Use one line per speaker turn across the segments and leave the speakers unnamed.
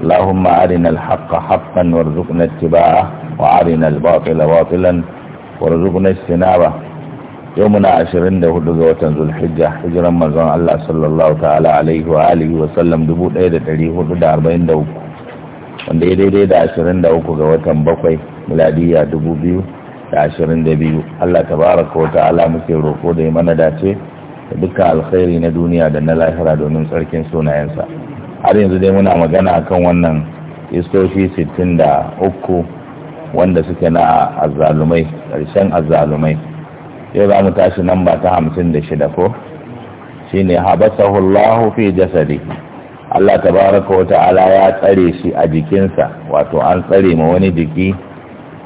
اللهم أرنا الحق حقا وارزقنا اتباعه وأرنا الباطل باطلا وارزقنا اجتنابه يومنا عشرين ده ذو الحجة حجرا مزان الله صلى الله تعالى عليه وآله وسلم دبو ɗaya da ɗari hudu da arba'in da uku daidai da ashirin da uku ga watan bakwai miladiya dubu biyu da ashirin da biyu Allah tabaraka wata ta'ala muke roko da ya mana dace da duka alkhairi na duniya da na lahira domin tsarkin sunayensa har yanzu dai muna magana kan wannan istoshi sittin da uku wanda suke na azalumai karshen azalumai yau za mu tashi nan ba ta hamsin da shida ko shi ne habasahullahu fi jasadi Allah ta baraka wata ala ya tsare shi a jikinsa wato an tsare ma wani jiki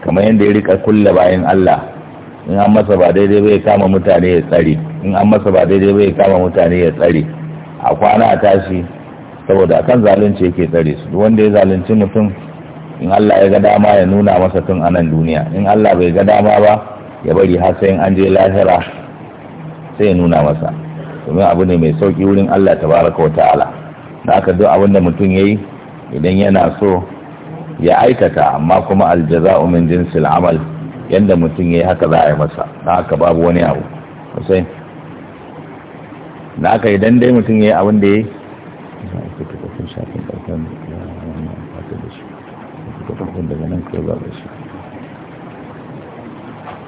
kamar yadda ya rika kulle bayan Allah in an masa ba daidai bai kama mutane ya tsare in an masa ba daidai bai kama mutane ya tsare a kwana tashi saboda akan zalunci yake tsare su wanda ya zalunci mutum in Allah ya ga dama ya nuna masa tun anan duniya in Allah bai ga dama ba ya bari har sai an je lahira sai ya nuna masa domin abu ne mai sauki wurin Allah tabaraka wa ta'ala da aka duk abin da mutum yayi idan yana so ya aikata amma kuma aljaza'u min jinsil amal yanda mutum yayi haka za a yi masa da haka babu wani abu sai na aka idan dai mutum yayi abin da yayi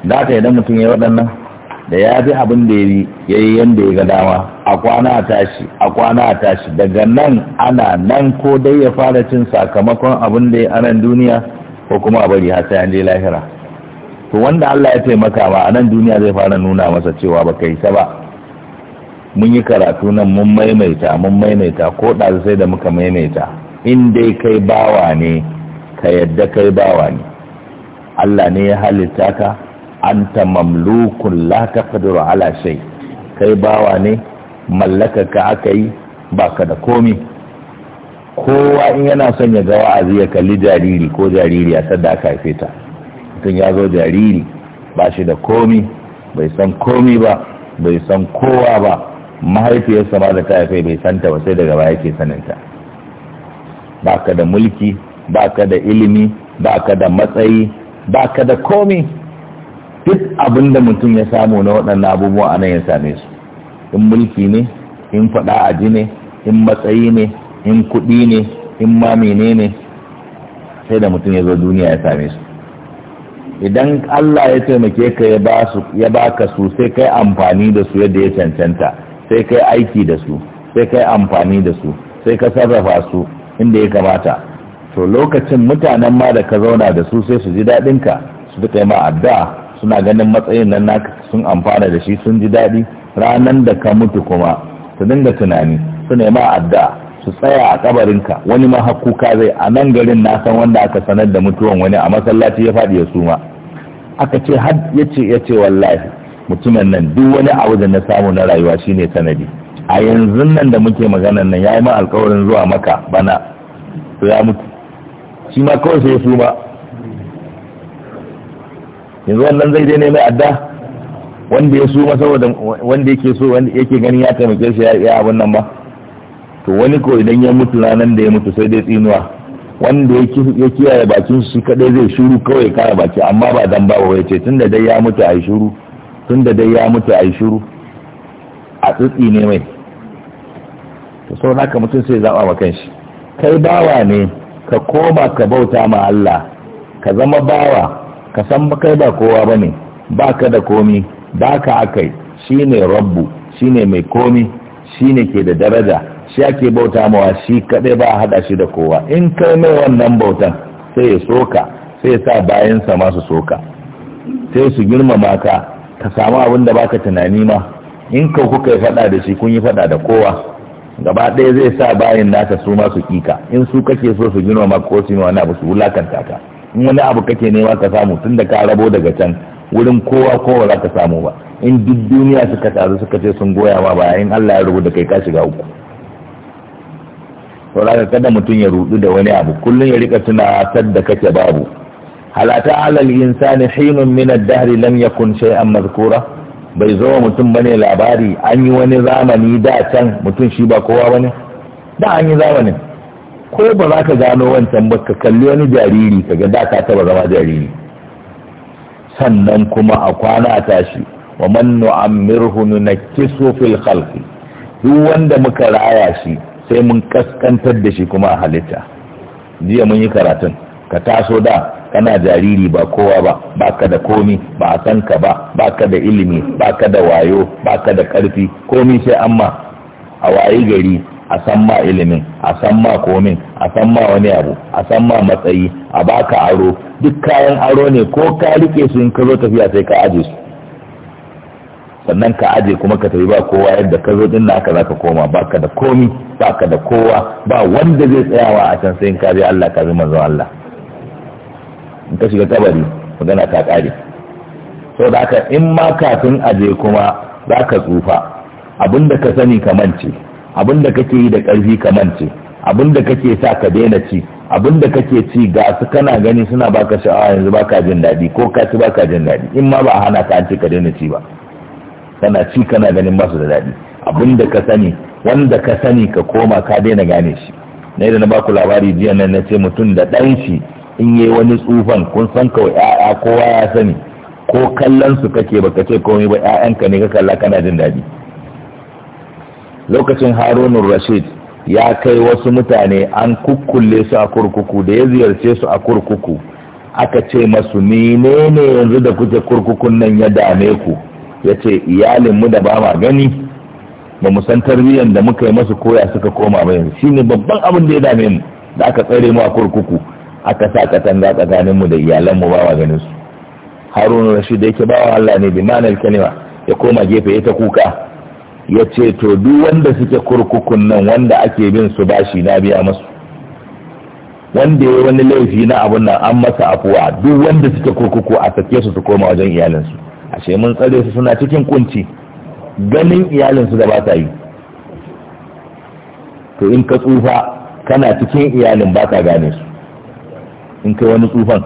da aka idan mutum ya waɗannan da ya fi abin da ya yi ya yi yadda ya ga dama a kwana a tashi a kwana a tashi daga nan ana nan ko dai ya fara cin sakamakon abin da ya anan duniya ko kuma a bari har sai an je lahira to wanda Allah ya taimaka ba a nan duniya zai fara nuna masa cewa ba kai ta ba mun yi karatu nan mun maimaita mun maimaita ko ɗazu sai da muka maimaita in dai kai bawa ne ka yadda kai bawa ne Allah ne ya halitta ka anta mamlukun la taqdiru ala shay kai bawa ne mallaka ka aka yi baka da komi kowa in yana son ya ga wa'azi ya kalli jariri ko jariri a sadda aka haife ta mutum ya zo jariri ba shi da komi bai san komi ba bai san kowa ba mahaifiyarsa ma da ta haife bai ta ba sai daga baya yake saninta baka da mulki baka da ilimi baka da matsayi baka da komi duk abin da mutum ya samu na waɗannan abubuwa a nan ya same su in mulki ne in faɗa a ji ne in matsayi ne in kuɗi ne in ma ne, sai da mutum ya zo duniya ya same su idan Allah ya taimake ka ya ka su sai kai amfani da su yadda ya cancanta sai kai aiki da su sai kai amfani da su sai ka sarrafa su inda ya kamata to lokacin mutanen ma da ka zauna da su sai su ji daɗinka su fi kai ma addu'a suna ganin matsayin nan naka sun amfana da shi sun ji daɗi ranan da ka mutu kuma su dinga tunani su nema addu'a su tsaya a kabarinka wani ma zai a nan garin na san wanda aka sanar da mutuwan wani a masallaci ya faɗi ya suma aka ce har ya ce wallahi mutumin nan duk wani abu da na samu na rayuwa shine sanadi a yanzu nan da muke maganan nan ya yi ma alƙawarin zuwa maka bana to ya mutu shi ma kawai sai ya suma yanzu wannan zai je ne adda wanda ya suma saboda wanda yake so wanda yake ganin ya taimake shi ya abin nan ba to wani ko idan ya mutu ranar da ya mutu sai dai tsinuwa wanda ya kiyaye bakin shi kadai zai shuru kawai kare baki amma ba dan ba wai ce tunda dai ya mutu ai shuru tunda dai ya mutu ai shuru a tsitsi ne mai to sau haka mutum sai zaba ma kanshi kai bawa ne ka koma ka bauta ma Allah ka zama bawa ka san kai ba kowa ba ne ba ka da komi ba ka akai shi ne rabbu shi ne mai komi shi ne ke da daraja shi ake bauta mawa shi kaɗai ba haɗa shi da kowa in kai mai wannan bautan sai ya soka sai ya sa bayansa masu soka sai su girmama ka ka samu abin da baka tunani ma in ka kuka yi faɗa da shi kun yi faɗa da kowa gaba ɗaya zai sa bayan naka su masu kika in su kake so su girmama ko su yi wani abu su wulakanta ka in wani abu kake nema ka samu tun da ka rabo daga can wurin kowa kowa za ka samu ba in duk duniya suka taru suka ce sun goya ma ba in Allah ya rubuta kai ka shiga uku saboda kada mutum ya rudu da wani abu kullum ya rika tar da kake babu halata alal insani hinun min ad-dahr lam yakun shay'an madhkura bai zo mutum bane labari an yi wani zamani da can mutum shi ba kowa bane da an yi zamanin ko ba za ka gano wancan ba ka kalli wani jariri ka ga da ka taba zama jariri sannan kuma a kwana tashi wa man nu'ammirhu nunakkisu fil khalqi duk wanda muka raya shi sai mun kaskantar da shi kuma a halitta jiya mun yi karatun ka taso da kana jariri ba kowa ba ka da komi ba a san ka ba ka da ilimi ba ka da wayo ba ka da karfi komi sai amma a waye gari a san ma ilimin a san ma komin a san ma wani abu a san ma matsayi a baka aro duk kayan aro ne ko ka rike su in ka zo tafiya sai ka aje su sannan ka aje kuma ka tafi ba kowa yadda ka zo din naka zaka koma baka da komi baka da kowa ba wanda zai tsayawa a can sai in ka je Allah ka zama manzon Allah in ka shiga kabari magana ta kare so da haka in ma kafin aje kuma zaka tsufa abinda ka sani ka mance abin da kake yi da ƙarfi ka mance abin da kake sa ka daina ci abin da kake ci ga su kana gani suna baka sha'awa yanzu baka jin daɗi ko ka ci baka jin daɗi in ma ba hana ka an ka daina ci ba kana ci kana ganin ba su da daɗi abin da ka sani wanda ka sani ka koma ka daina gane shi na da na baku labari jiya nan na ce mutum da ɗan shi in yi wani tsufan kun san kawai ya'ya kowa ya sani ko kallon su kake ba ka ce komai ba 'ya'yanka ne ka kalla kana jin daɗi lokacin harunun rashid ya kai wasu mutane an kukkulle su a kurkuku da ya ziyarce su a kurkuku aka ce masu Ni ne yanzu da kuke kurkukun nan ya dame ku ya ce iyalinmu da ba ma gani ba mu san tarbiyyar da muka yi masu koya suka koma ba yanzu shi ne babban abin da ya dame mu da aka tsare mu a kurkuku aka sa katanga tsakaninmu da iyalanmu ba ma ganin su harun rashid da yake bawa allah ne bi ya koma gefe ya kuka ya ce to duk wanda suke kurkukun nan wanda ake bin su bashi na biya masu wanda ya wani laifi na abun nan an masa afuwa duk wanda suke kurkuku a sake su su koma wajen iyalinsu ashe mun tsare su suna cikin kunci ganin iyalinsu da ba sa yi to in ka tsufa kana cikin iyalin ba ka gane su in kai wani tsufan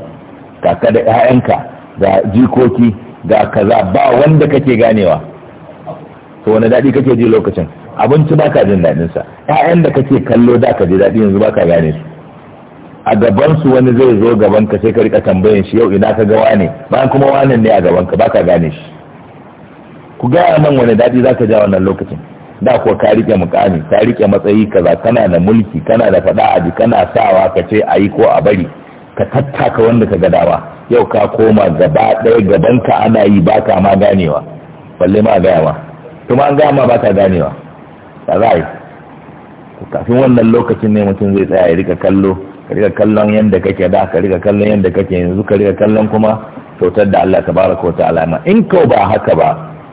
kaka da 'ya'yanka ga jikoki ga kaza ba wanda kake ganewa to wani daɗi kake ji lokacin abinci baka jin daɗin sa ƴaƴan da kake kallo da ka ji daɗi yanzu baka gane su a gaban su wani zai zo gaban ka sai ka rika tambayan shi yau ina ka ga wane bayan kuma wanan ne a gaban ka baka gane shi ku gaya nan wani daɗi za zaka ja wannan lokacin da ko ka rike mukami ka rike matsayi kaza kana da mulki kana da fada a kana sawa ka ce a yi ko a bari ka tattaka wanda ka gadawa yau ka koma gaba ɗaya gabanka ana yi baka ma ganewa balle ma gaya ma kuma an gama ba ta ganewa ba za a yi kafin wannan lokacin ne mutum zai tsaya ya rika kallo ka rika kallon yadda kake da ka rika kallon yadda kake yanzu ka rika kallon kuma kyautar da Allah tabaraka wa ta'ala in kau ba haka ba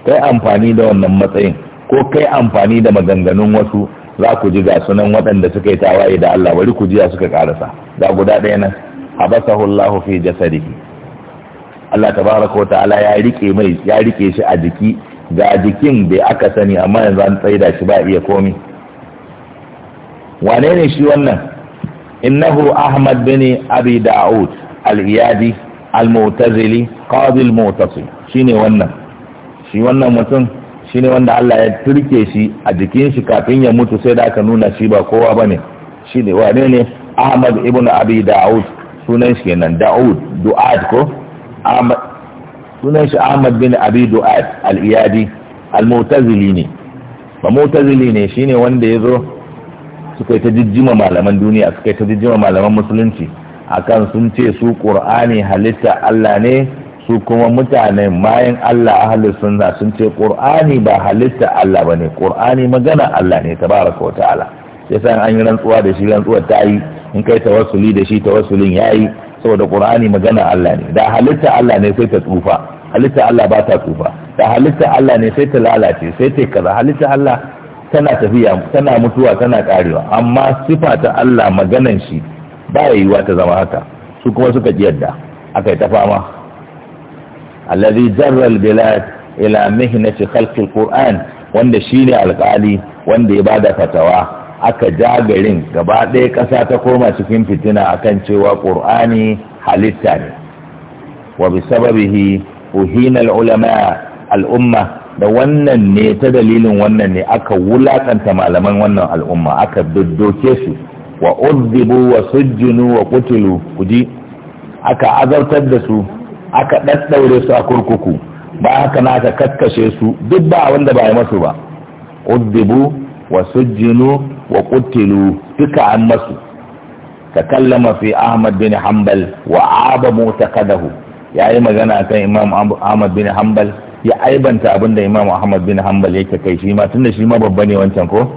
kai amfani da wannan matsayin ko kai amfani da maganganun wasu za ku ji ga sunan waɗanda suka yi tawaye da Allah bari ku jiya suka karasa ga guda ɗaya nan habasahu Allahu fi jasadihi Allah tabaraka wa ta'ala ya rike mai ya rike shi a jiki ga jikin bai aka sani amma yanzu an tsaida shi ba iya komi wane ne shi wannan innahu ahmad bin abi da'ud al-iyadi al-mu'tazili qadi al-mu'tasim shine wannan shi wannan mutum shine wanda Allah ya turke shi a jikin shi kafin ya mutu sai da aka nuna shi ba kowa bane shine ne wane ne ahmad ibn abi da'ud sunan shi kenan da'ud du'ad ko ahmad sunan shi ahmad bin abi du'ad al-iyadi al-mu'tazili ne ba mu'tazili ne shine wanda ya zo suka ta jijjima malaman duniya suka ta jijjima malaman musulunci akan sun ce su qur'ani halitta Allah ne su kuma mutane bayan Allah ahli sunna sun ce qur'ani ba halitta Allah bane qur'ani magana Allah ne tabaraka ta'ala sai an yi rantsuwa da shi rantsuwar ta yi in kai tawassuli da shi tawassulin yayi saboda qur'ani magana Allah ne da halitta Allah ne sai ta tsufa halitta Allah ba ta tsufa da halitta Allah ne sai ta lalace sai ta kaza halitta Allah tana tafiya tana mutuwa tana karewa amma sifa ta Allah maganan shi ba yiwuwa ta zama haka su kuma suka ji yadda aka yi ta fama alladhi jarra al-bilad ila mihnati khalqi quran wanda shine alƙali wanda ya bada fatawa aka ja garin gaba ɗaya ƙasa ta koma cikin fitina kan cewa ƙur'ani halitta ne wa bi sababihi uhina ulama al'umma da wannan ne ta dalilin wannan ne aka wulaƙanta malaman wannan al'umma aka doddoke su wa uddibu wa sujjinu wa kutulu kuji aka azartar da su aka ɗaɗɗaure su a kurkuku ba haka na aka kakkashe su duk ba wanda ba ya masu ba uddibu wa sujjinu wa kutilu duka an masu takallama fi ahmad bin Hambal wa aba mu'taqadahu yayi magana kan imam ahmad bin hanbal ya aibanta abinda imam ahmad bin hanbal yake kai shi ma tunda shi ma babba ne wancan ko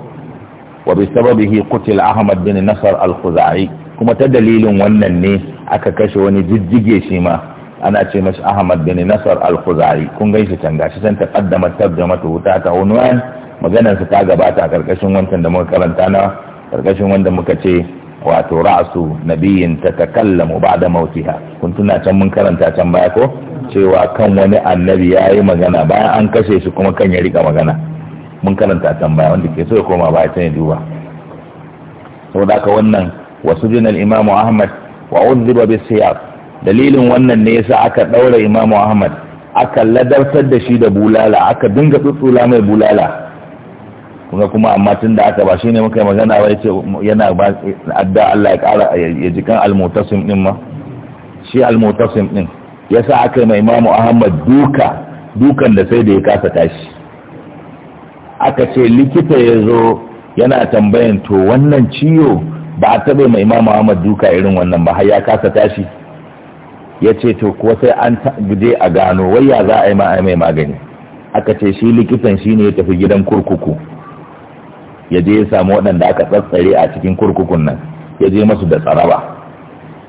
wa bi sababihi ahmad bin Nasar al-khuzai kuma ta dalilin wannan ne aka kashe wani jijjige shi ma ana ce mashi Ahmad bin Nasar al-Khuzari kun gaishe can gashi san taqaddama tarjamatu ta ta unwan maganar su ta gabata a karkashin wancan da muka karanta na karkashin wanda muka ce wato ra'su ta tatakallamu ba'da mautiha kun tuna can mun karanta can baya ko cewa kan wani annabi yayi magana bayan an kashe shi kuma kan ya rika magana mun karanta can baya wanda ke so ya koma baya ta ya duba saboda haka wannan wasu jinal imamu ahmad wa udhiba bisiyab dalilin wannan ne yasa aka ɗaura imamu ahmad aka ladartar da shi da bulala aka dinga tsutsula mai bulala kuma kuma amma tun da aka ba shi ne muka yi magana ba yace yana ba adda Allah ya kara ya kan almutasim din ma shi almutasim din yasa aka yi mai imamu ahmad duka dukan da sai da ya kasa tashi aka ce likita ya zo yana tambayan to wannan ciwo ba a taɓa mai imamu ahmad duka irin wannan ba har ya kasa tashi ya ce to kuwa sai an je a gano waya za a yi ma'ai mai magani aka ce shi likitan shi ne ya tafi gidan kurkuku ya je ya samu waɗanda aka tsatsare a cikin kurkukun nan ya je masu da tsaraba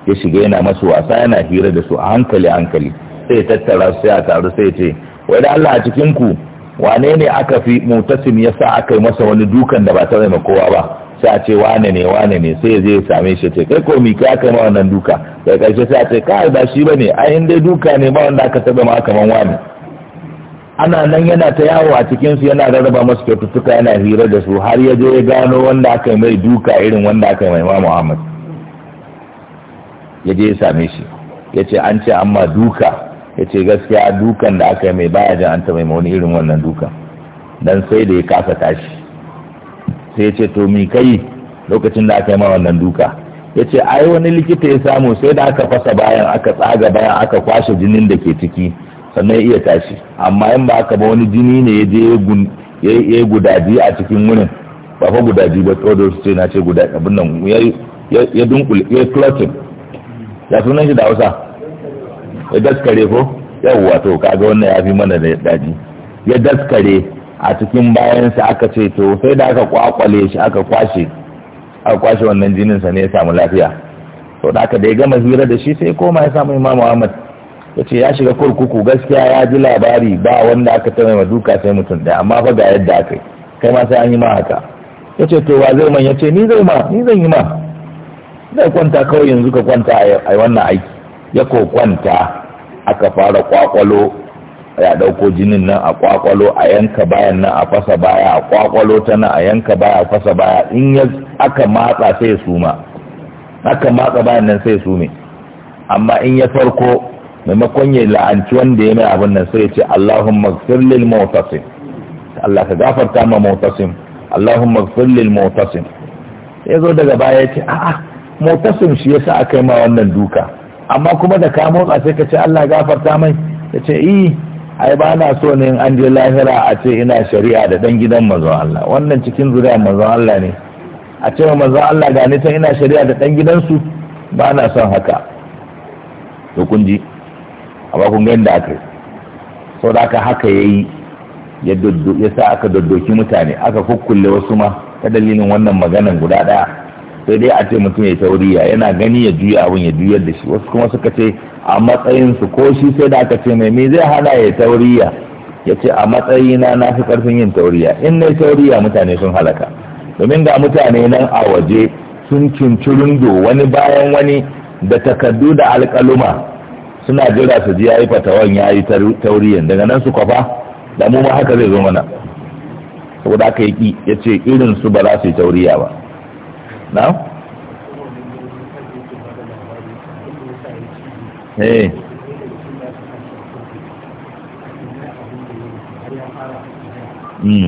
ya shiga yana masu wasa yana hira da su a hankali hankali sai ya tattara sai a taru sai ce wai da Allah a cikin ku wane ne aka fi mutasim ya sa aka yi masa wani dukan da ba ta zai kowa ba sai a ce wane ne wane ne sai zai same shi ce kai komi ka aka ma wannan duka daga karshe sai a ce kai ba shi bane a inda dai duka ne ba wanda aka taba ma kaman wane ana nan yana ta yawo a cikin su yana rarraba masu kyaututtuka yana hira da su har ya je ya gano wanda aka mai duka irin wanda aka mai ma Muhammad ya je ya same shi ya ce an ce amma duka ya ce gaskiya dukan da aka mai baya jin an ta mai wani irin wannan dukan dan sai da ya kasa tashi sai ya ce to mi kai lokacin da aka yi ma wannan duka ya ce ai wani likita ya samu sai da aka fasa bayan aka tsaga bayan aka kwashe jinin da ke ciki sannan iya tashi amma in ba aka ba wani jini ne ya je ya yi gudaji a cikin wurin ba fa gudaji ba tsodo su ce na ce gudaji abin nan ya dunkule ya clotting ya sunan shi da hausa ya daskare ko yawwa to kaga wannan ya fi mana da daji ya daskare a cikin bayansa aka ce to sai da aka kwakwale shi aka kwashe aka kwashe wannan sa ne ya samu lafiya to da aka da ya gama hira da shi sai koma ya samu imamu ahmad ya ce ya shiga kurkuku gaskiya ya ji labari ba wanda aka ta mai duka sai mutum ɗaya amma fa ga yadda aka yi kai ma sai an yi ma haka ya ce to wa zai man ya ce ni zai ma ni zan yi ma zai kwanta kawai yanzu ka kwanta a wannan aiki ya ko kwanta aka fara kwakwalo ya ɗauko jinin nan a kwakwalo a yanka bayan nan a fasa baya a kwakwalo ta nan a yanka baya a fasa baya in ya aka matsa sai ya suma aka matsa bayan nan sai ya sume amma in ya farko maimakon ya la'anci wanda ya mai abin nan sai ya ce Allahumma gfir lil mutasim Allah ka gafarta ma mutasim Allahumma gfir lil mutasim ya zo daga baya ya ce a'a mutasim shi ya sa aka yi ma wannan duka amma kuma da ka motsa sai ka ce Allah gafarta mai ya ce eh ai ba na so ne in an je lahira a ce ina shari'a da dan gidan manzon Allah wannan cikin zuriya manzon Allah ne a ce manzon Allah ga ta ina shari'a da dan gidansu ba na son haka to kun ji amma kun ga inda aka sau da aka haka yayi ya sa aka doddoki mutane aka kukkulle wasu ma ta dalilin wannan maganan guda daya sai dai a ce mutum ya tauriya yana gani ya juya abin ya juyar da shi wasu kuma suka ce a matsayinsu ko shi sai da aka ce mai me zai hana ya tauriya ya ce a matsayina na fi karfin yin tauriya in na tauriya mutane sun halaka domin ga mutane nan a waje sun cincirundo wani bayan wani da takardu da alƙaluma suna jira su ji yayi fatawan yayi tauriyan daga nan su kwafa da mu ma haka zai zo mana saboda aka yi ya ce irin su ba za su yi tauriya ba na? eh hmm.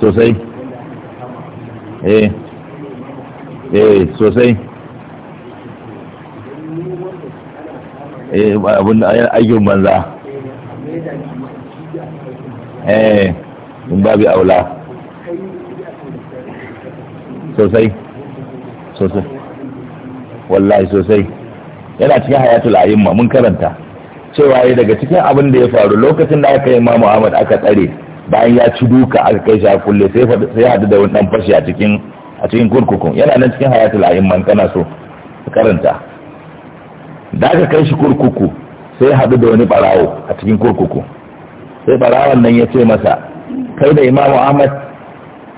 sosai eh eh sosai eh abin aikin banza eh in babu aula sosai sosai wallahi sosai yana cikin hayatul a'imma mun karanta cewa ya daga cikin abin da ya faru lokacin da aka yi ma Muhammad aka tsare bayan ya ci duka aka kai shi a kulle sai ya hadu da wani dan fashi a cikin a cikin kurkukun yana nan cikin hayatul a'imma kana so karanta da aka kai shi kurkuku sai ya hadu da wani barawo a cikin kurkuku sai barawon nan ya ce masa kai da imamu ahmad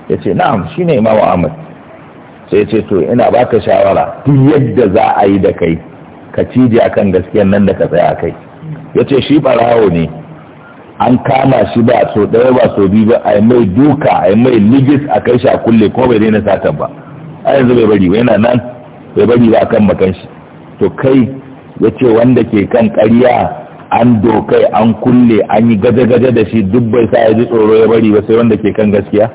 ya ce na'am shine imamu ahmad sai ce to ina baka shawara duk yadda za a yi da kai ka cije akan gaskiyar nan da ka tsaya kai ya ce shi barawo ne an kama shi ba so ɗaya ba so biyu ba a yi mai duka a yi mai ligis a kai shi a kulle ko bai daina satan ba a yanzu bai bari yana nan bai bari ba kan makan shi to kai ya ce wanda ke kan ƙarya an dokai an kulle an yi gaje-gaje da shi duk bai sa ya ji tsoro ya bari ba sai wanda ke kan gaskiya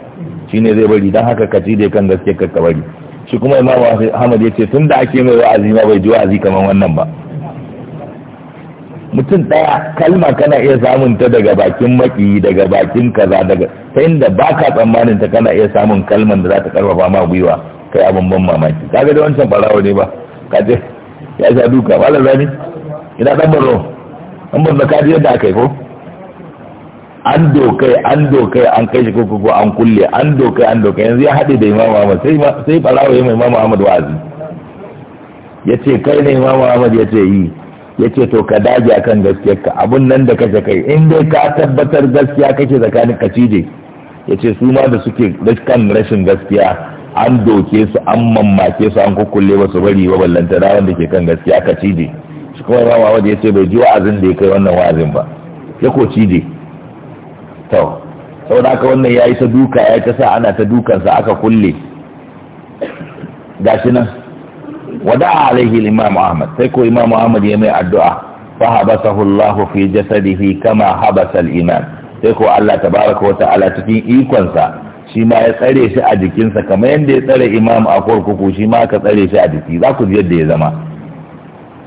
shine zai bari don haka ka ci kan gaskiya ka bari shi kuma imamu ahmad ya ce tun da ake mai wa'azi ma bai ji wa'azi kamar wannan ba mutum ɗaya kalma kana iya samun ta daga bakin maki daga bakin kaza daga ta inda ba ka tsammanin ta kana iya samun kalman da za ta karfafa ma gwiwa kai abin ban mamaki kaga da wancan farawa ne ba ka ce ya sha duka ba da zani ina ɗan barno ɗan barno ka ji yadda aka yi ko an dokai an dokai an kai shi kurkuku an kulle an dokai an dokai yanzu ya haɗe da imamu ahmad sai sai ya mai imamu ahmad wa'azi ya ce kai ne imamu ahmad ya ce yi ya ce to ka dage akan ka abun nan da kace kai in dai ka tabbatar gaskiya kake tsakanin kacije cije ya ce su ma da suke kan rashin gaskiya an doke su an mammake su an kukulle ba su bari ba ballanta da wanda ke kan gaskiya ka cije shi kuma imamu ahmad ya ce bai ji wa'azin da ya kai wannan wa'azin ba ya ko cije to saboda aka wannan ya yi ta duka ya ta sa ana ta dukansa aka kulle gashi nan wada alaihi imam ahmad sai ko imam ahmad ya mai addu'a fa habasahu allah fi jasadihi kama habasa al-iman sai ko allah tabaraka wa ta'ala cikin ikonsa shi ma ya tsare shi a jikinsa kamar yadda ya tsare imam a kurkuku shi ma ka tsare shi a jiki za ku ji yadda ya zama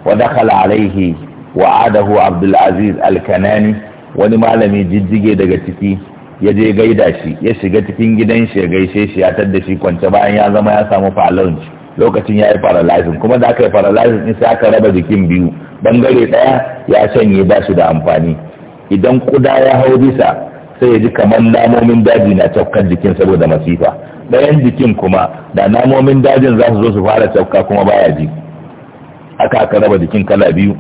wa dakhala alaihi wa adahu abdul aziz al-kanani wani malami jijjige daga ciki ya je gaida shi ya shiga cikin gidan shi ya gaishe shi ya tadda shi kwance bayan ya zama ya samu falon lokacin ya yi paralyzin kuma da aka yi paralyzin in sai aka raba jikin biyu bangare daya ya shanye ba shi da amfani idan kuda ya hau bisa sai ya ji kamar namomin daji na cakkar jikin saboda masifa ɗayan jikin kuma da namomin dajin za su zo su fara cauka kuma baya ji aka aka raba jikin kala biyu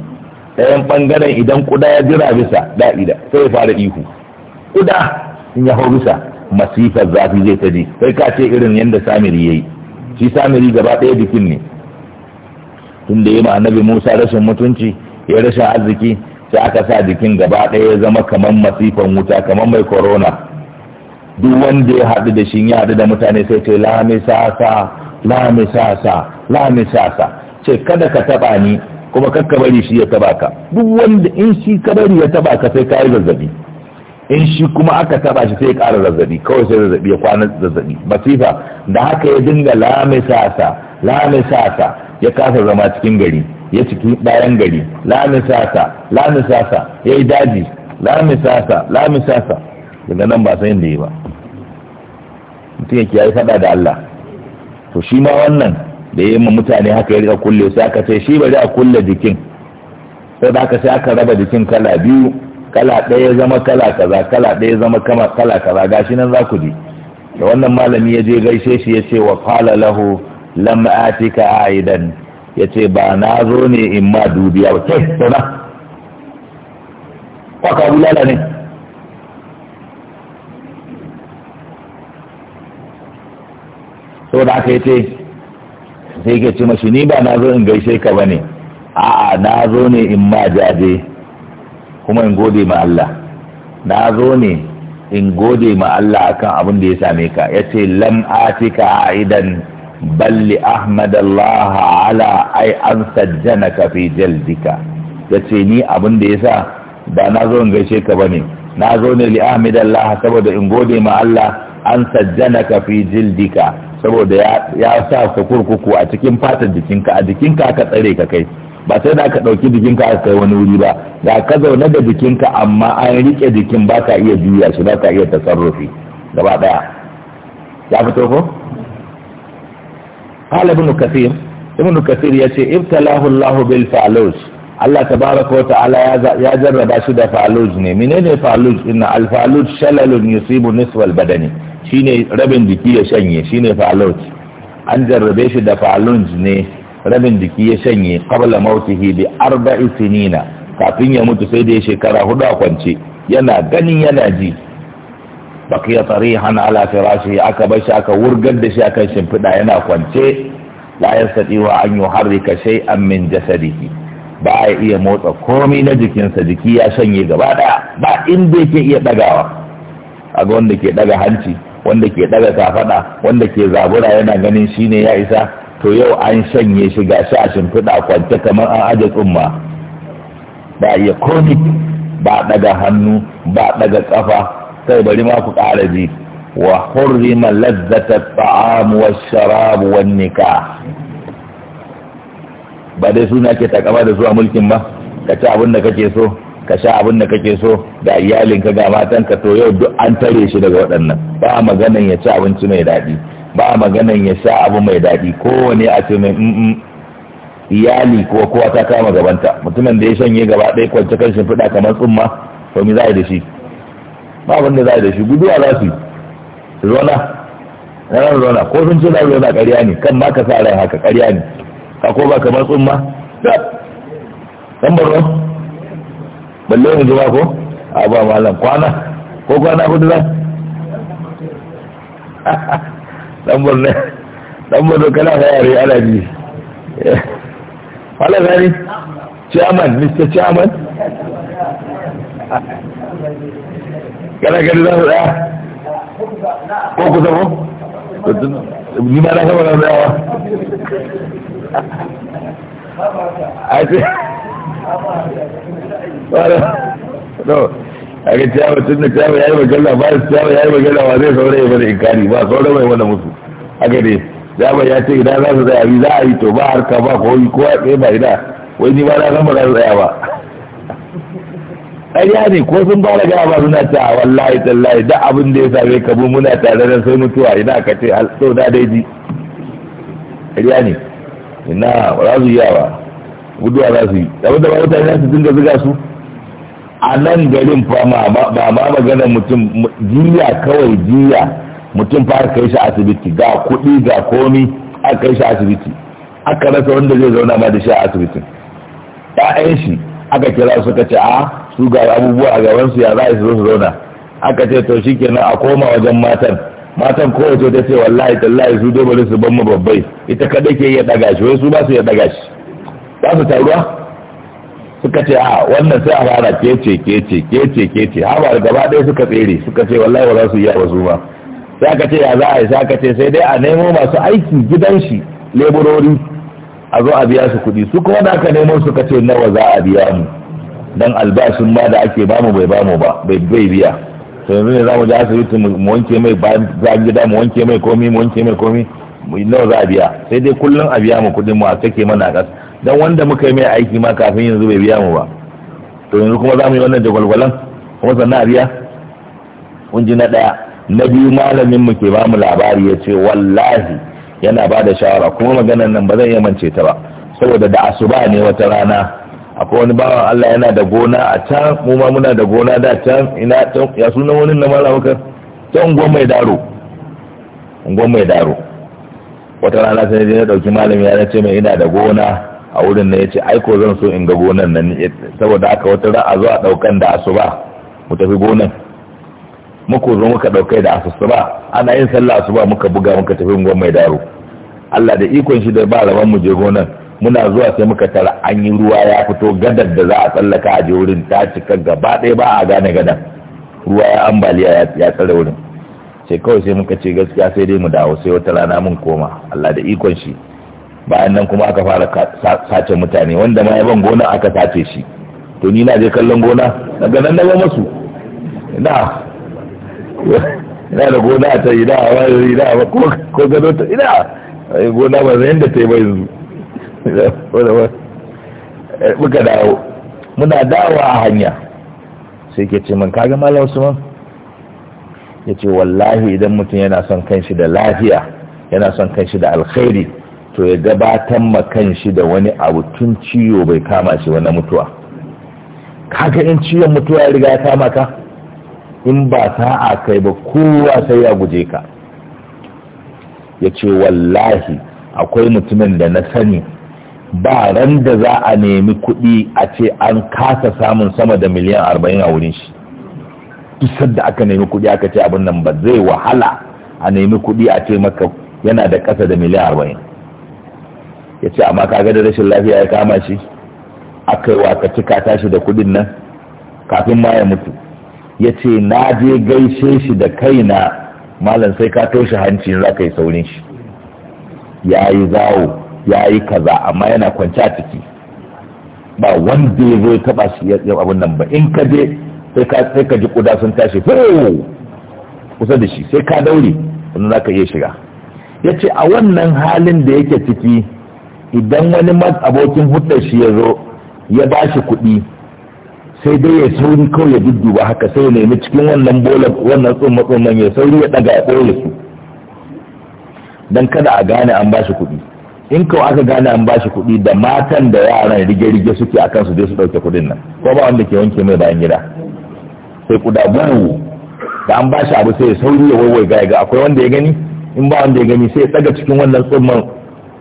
ɗayan ɓangaren idan kuda ya jira bisa daɗi da sai ya fara ihu kuda in ya hau bisa masifar zafi zai ta ji sai ka ce irin yadda samiri ya yi shi samiri gaba ɗaya jikin ne tun da ya ma annabi musa rashin mutunci ya rashin arziki sai aka sa jikin gaba ɗaya ya zama kamar masifar wuta kamar mai corona duk wanda ya haɗu da shi ya haɗu da mutane sai ce lami sa lami sa lami sa ce kada ka taɓa ni kuma kakka bari shi ya taba ka duk wanda in shi ka bari ya taba ka sai ka yi zazzabi in shi kuma aka taba shi sai ya ƙara zazzabi kawai sai zazzabi ya kwana zazzabi masifa da haka ya dinga lamisasa lamisasa ya kasa zama cikin gari ya ciki bayan gari lamisasa lamisasa ya yi daji lamisasa lamisasa daga nan ba san yadda yi ba mutum yake ya yi faɗa da Allah to shi ma wannan da ya yi mutane haka ya riƙa kulle sai aka ce shi bari a kulle jikin sai da aka sai aka raba jikin kala biyu kala ɗaya zama kala kaza kala ɗaya zama kama kala kaza gashi nan za ku ji da wannan malami ya je gaishe shi ya ce wa qala lahu lam atika aidan ya ce ba na zo ne in ma dubiya ba kai sana kwaka bulala ne saboda aka yi ce sai yake ce mashi ni ba na zo in gaishe ka ba ne a'a na zo ne in ma jaje kuma in gode ma Allah na zo ne in gode ma Allah akan abin da ya same ka ya ce lam atika aidan balli ahmad Allah ala ai an sajjana ka fi jaldika ya ce ni abin da ya sa ba na zo in gaishe ka ba ne na zo ne li ahmad Allah saboda in gode ma Allah an sajjanaka fi jildika saboda ya sa ka kurkuku a cikin fatar jikinka a jikinka aka tsare ka kai ba sai da aka ɗauki jikinka aka kai wani wuri ba da ka zaune da jikinka amma an riƙe jikin ba ka iya juya shi ba ka iya tasarrufi gaba ɗaya ya fito ko qala ibn kathir ibn kathir yace ibtalahu allah bil falus Allah tabaraka wa ta'ala ya jarraba shi da falus ne menene falus inna al falus shalalun yusibu nisfal badani shine rabin jiki ya shanye shine falot an jarrabe shi da falot ne rabin jiki ya shanye qabla mautihi bi arba'i sinina kafin ya mutu sai da ya shekara hudu a kwance yana ganin yana ji baqiya hana ala firashi aka bar shi aka wurgar da shi akan shimfiɗa yana kwance la yastati'u an yuharrika shay'an min jasadihi ba ya iya motsa komai na jikinsa jiki ya shanye gaba daya ba inda yake iya dagawa a ga wanda ke daga hanci wanda ke daga kafada wanda ke zabura yana ganin shine ya isa to yau an shanye shi ga shi a shimfiɗa kwance kamar an aje tsumma ba iya ba daga hannu ba daga kafa sai bari ma ku ƙara ji wa hurrima lazzata ta'am wa sharab wa nikah ba dai suna ke takama da zuwa mulkin ba ka ci abin da kake so ka sha abin da kake so da ka ga ka to yau duk an tare shi daga waɗannan ba maganan ya ci abinci mai daɗi ba maganan ya sha abu mai daɗi kowane a ce mai mm, mm. iyali ko kowa ta kama gabanta mutumin da ya shanye gaba ɗaya kwance kan fiɗa kamar tsumma to mi za a yi da shi ba abin da za a yi da shi guduwa za su zona ranar zona ko sun ce na zona ƙarya ne kan ma ka sa ran haka ƙarya ne ka ko ba kamar tsumma ɗan barno Belum juga aku. abang malam. Kau anak. Kau kau anak aku dulu. Lah. Nombor ni. Nombor tu kalah saya hari ala ni. Malam hari. Chairman. Mr. Chairman. Kalah kau dulu. Kau kau tahu. Di mana kau nak berapa? Aduh. a ga ciyawa tun da ciyawa ya yi magana ba da ciyawa ya yi magana ba zai saurayi mana inkari ba sauran mai mana musu haka ne dama ya ce idan za su tsaya bi za a yi to ba harka ba ko yi kowa tsaye ba ina wai ni ba na san ba za su tsaya ba ƙarya ne ko sun fara gaya ba suna ta wallahi tallahi da abin da ya same ka mu muna tare da sai mutuwa ina ka ce sau da daidai ƙarya ne ina ba za su yi yawa guduwa za su yi abin da ba mutane za su dinga ziga su a nan garin fa ba ma magana mutum jiya kawai jiya mutum fa kai shi asibiti ga kuɗi ga komi a kai shi asibiti aka rasa wanda zai zauna ma da shi a asibitin ɗayan shi aka kira suka ce a su ga abubuwa a gaban su ya za a su su zauna aka ce to shikenan a koma wajen matan matan kowace ta ce wallahi tallahi su dai bari su ban mu babbai ita kadai ke iya daga shi wai su ba su iya daga shi za su taruwa suka ce a wannan sai a fara kece kece kece kece ba gaba ɗaya suka tsere suka ce wallahi ba za su yi a wasu ba sai aka ce ya za a yi sai aka ce sai dai a nemo masu aiki gidan shi leburori a zo a biya su kuɗi su kuma da aka nemo suka ce nawa za a biya mu dan albashin ma da ake bamu bai bamu ba bai bai biya to yanzu ne za mu je asibiti mu wanke mai bayan gida mu wanke mai komi mu wanke mai komi nawa za a biya sai dai kullum a biya mu kuɗin mu a sake mana a ƙasa dan wanda muka yi mai aiki ma kafin yanzu bai biya mu ba to yanzu kuma za mu yi wannan jagwalgwalan kuma sannan a biya kun ji na ɗaya na biyu malamin mu ke bamu labari ya ce wallahi yana ba da shawara kuma maganar nan ba zan iya mance ta ba saboda da asuba ne wata rana akwai wani bawan Allah yana da gona a can mu ma muna da gona da can ina can ya sunan wani na malamaka ta unguwar mai daro unguwar mai daro wata rana sai ya dauki malami ya ce mai ina da gona a wurin na ya ce aiko zan so in ga gonan nan saboda aka wata ra'a a ɗaukan da asuba mu tafi gonan muku zo muka ɗaukai da ba. ana yin sallah ba muka buga muka tafi gon mai daro Allah da ikon shi da ba raban mu je gonan muna zuwa sai muka tara an yi ruwa ya fito gadar da za a tsallaka a je wurin ta cika gaba ɗaya ba a gane gadan ruwa ya ambaliya ya tsare wurin sai kawai sai muka ce gaskiya sai dai mu dawo sai wata rana mun koma Allah da ikon shi bayan nan kuma aka fara sace mutane wanda ma yaban gona aka sace shi to ni na je kallon gona daga nan na masu ina ina da gona ta da wa yi ina ba ko gado ta ina gona ba zai yadda ta yi ba yanzu eh, muka dawo muna dawo a hanya sai ke ce man kaga malam usman ya ce wallahi idan mutum yana son kanshi da lafiya yana son kanshi da alkhairi to ya gabatar makan shi da wani abu tun ciwo bai kama shi wani mutuwa kaga in ciwon mutuwa ya riga ya kama ka in ba sa'a kai ba kowa sai ya guje ka ya ce wallahi akwai mutumin da na sani ba ran da za a nemi kuɗi a ce an kasa samun sama da miliyan arba'in a wurin shi Isar da aka nemi kuɗi aka ce abin nan ba zai wahala a nemi kuɗi a ce maka yana da ƙasa da miliyan arba'in ya ce amma kaga da rashin lafiya ya kama shi aka yi waka cika tashi da kudin nan kafin ma ya mutu ya ce na je gaishe shi da kaina malam sai ka toshe hanci za ka yi saurin shi ya yi zawo ya yi kaza amma yana kwanci a ciki ba wanda ya zo ya taba shi ya abin nan ba in ka je sai ka ji kuda sun tashi kusa da shi sai ka daure wanda za ka iya shiga ya ce a wannan halin da yake ciki idan wani abokin hudar shi ya zo ya ba shi kuɗi sai dai ya sauri kawai ya dudduba haka sai ya nemi cikin wannan bolar wannan tsumma tsumman ya sauri ya daga ya ɓoye su don kada a gane an ba shi kuɗi in kawai aka gane an ba shi kuɗi da matan da yaran rige-rige suke a kansu dai su ɗauke kuɗin nan ko ba wanda ke wanke mai bayan gida sai kuɗa buru da an ba shi abu sai ya sauri ya waiwai ga akwai wanda ya gani in ba wanda ya gani sai ya tsaga cikin wannan tsumman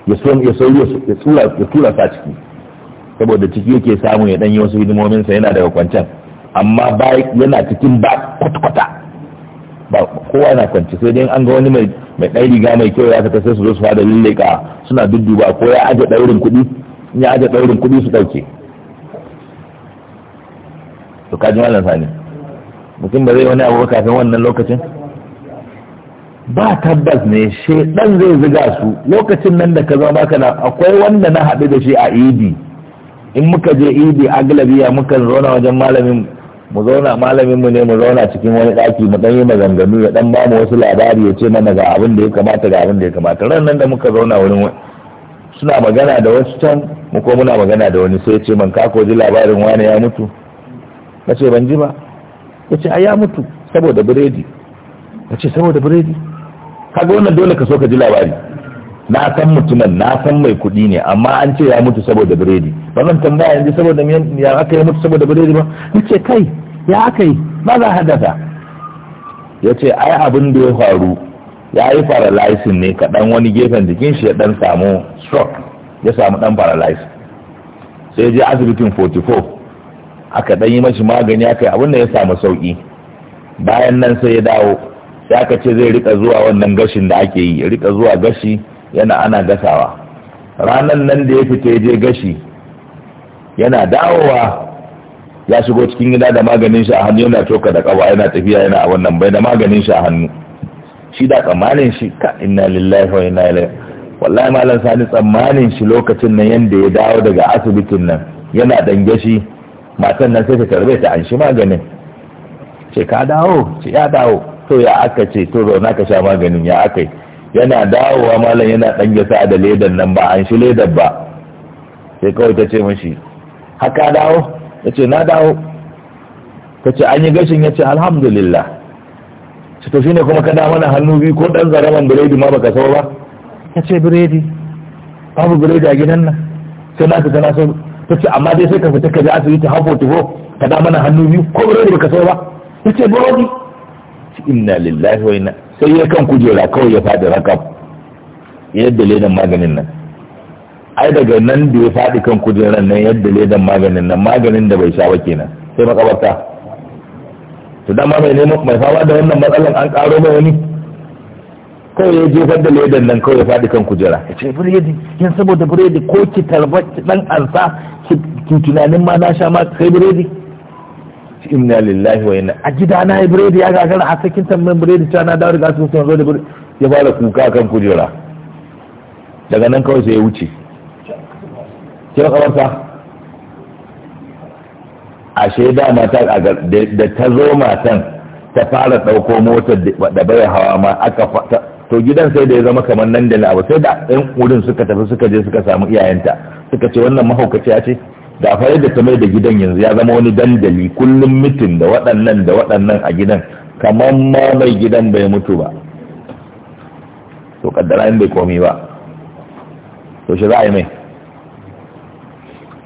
ya tura sa ciki saboda ciki yake samu ya danyi wasu hidimominsa yana daga kwancan amma ba yana cikin ba kwata-kwata ba kowa na kwanci sai dai an ga wani mai ɗan riga mai kyau ya fita sai su zo su fada lulleka suna dudduba ko ya aje ɗaurin kuɗi in ya aje ɗaurin kuɗi su ɗauke to kaji malam sani mutum ba zai wani abu kafin wannan lokacin ba tabbas ne shaidan zai ziga su lokacin nan da ka zama kana akwai wanda na haɗu da shi a idi in muka je idi aglabiya mukan zauna wajen malamin mu zauna malamin mu ne mu zauna cikin wani ɗaki mu ɗan yi maganganu ya ɗan mu wasu labari ya ce mana ga abin da ya kamata ga abin da ya kamata ran nan da muka zauna wurin suna magana da wasu can mu ko muna magana da wani sai ya ce man ka ko ji labarin wani ya mutu na ce ban ji ba ya ce ai ya mutu saboda biredi na ce saboda biredi kaga wannan dole ka so ka ji labari na san mutumin na san mai kuɗi ne amma an ce ya mutu saboda biredi ba zan tambaya yanzu saboda ya aka yi mutu saboda biredi ba ni ce kai ya aka yi ba za haddasa ya ce ai abin da ya faru ya yi paralysis ne kaɗan wani gefen jikin shi ya ɗan samu stroke ya samu ɗan paralysis sai je asibitin 44 aka ɗan yi mashi magani aka yi abin da ya samu sauƙi bayan nan sai ya dawo sai aka ce zai rika zuwa wannan gashin da ake yi rika zuwa gashi yana ana gasawa ranan nan da ya fita je gashi yana dawowa ya shigo cikin gida da maganin shi a hannu yana toka da kawa yana tafiya yana a wannan bai da maganin shi a hannu shi da tsammanin shi ka inna lillahi wa inna ilaihi wallahi malam sani tsammanin shi lokacin nan yanda ya dawo daga asibitin nan yana dan gashi matan nan sai ta tarbe ta an shi maganin ce ka dawo ce ya dawo to ya aka ce to zauna ka sha maganin ya aka yi yana dawowa malam yana dan gasa da ledan nan ba an shi ledan ba sai kawai ta ce mashi haka dawo ya ce na dawo ta ce an yi gashin ya ce alhamdulillah ce to shine kuma kada mana hannu biyu ko dan zaraman biredi ma baka sau ba ya ce biredi babu biredi a gidan nan sai na fita na so ta ce amma dai sai ka fita ka je asibiti hafo tuho ka da mana hannu biyu ko biredi baka sau ba ya ce biredi inna lillahi wa inna sai ya kan kujera kawai ya faɗi rakab yadda ledan maganin nan ai daga nan da ya faɗi kan kujeran nan yadda ledan maganin nan maganin da bai sha ba kenan sai makabarta to dama mai neman mai fama da wannan matsalan an karo mai wani kawai ya je da ledan nan kawai ya faɗi kan kujera ya ce biredi yan saboda biredi ko ki tarba dan ansa ki tunanin ma na sha ma sai biredi inna lillahi wa inna a gida na yi biredi ya gagara a sakin tamman biredi ta na dawo gasu sun zo da biredi ya fara kuka kan kujera daga nan kawai sai ya wuce kira kabarta a shaida mata da ta zo matan ta fara ɗauko motar da bai hawa ma aka to gidan sai da ya zama kamar nan da na abu sai da ɗan wurin suka tafi suka je suka samu iyayenta suka ce wannan mahaukaciya ce da fara da ta mai da gidan yanzu ya zama wani dandali kullum mitin da waɗannan da waɗannan a gidan kamar ma mai gidan bai mutu ba to kaddara in bai komi ba to shi za a yi mai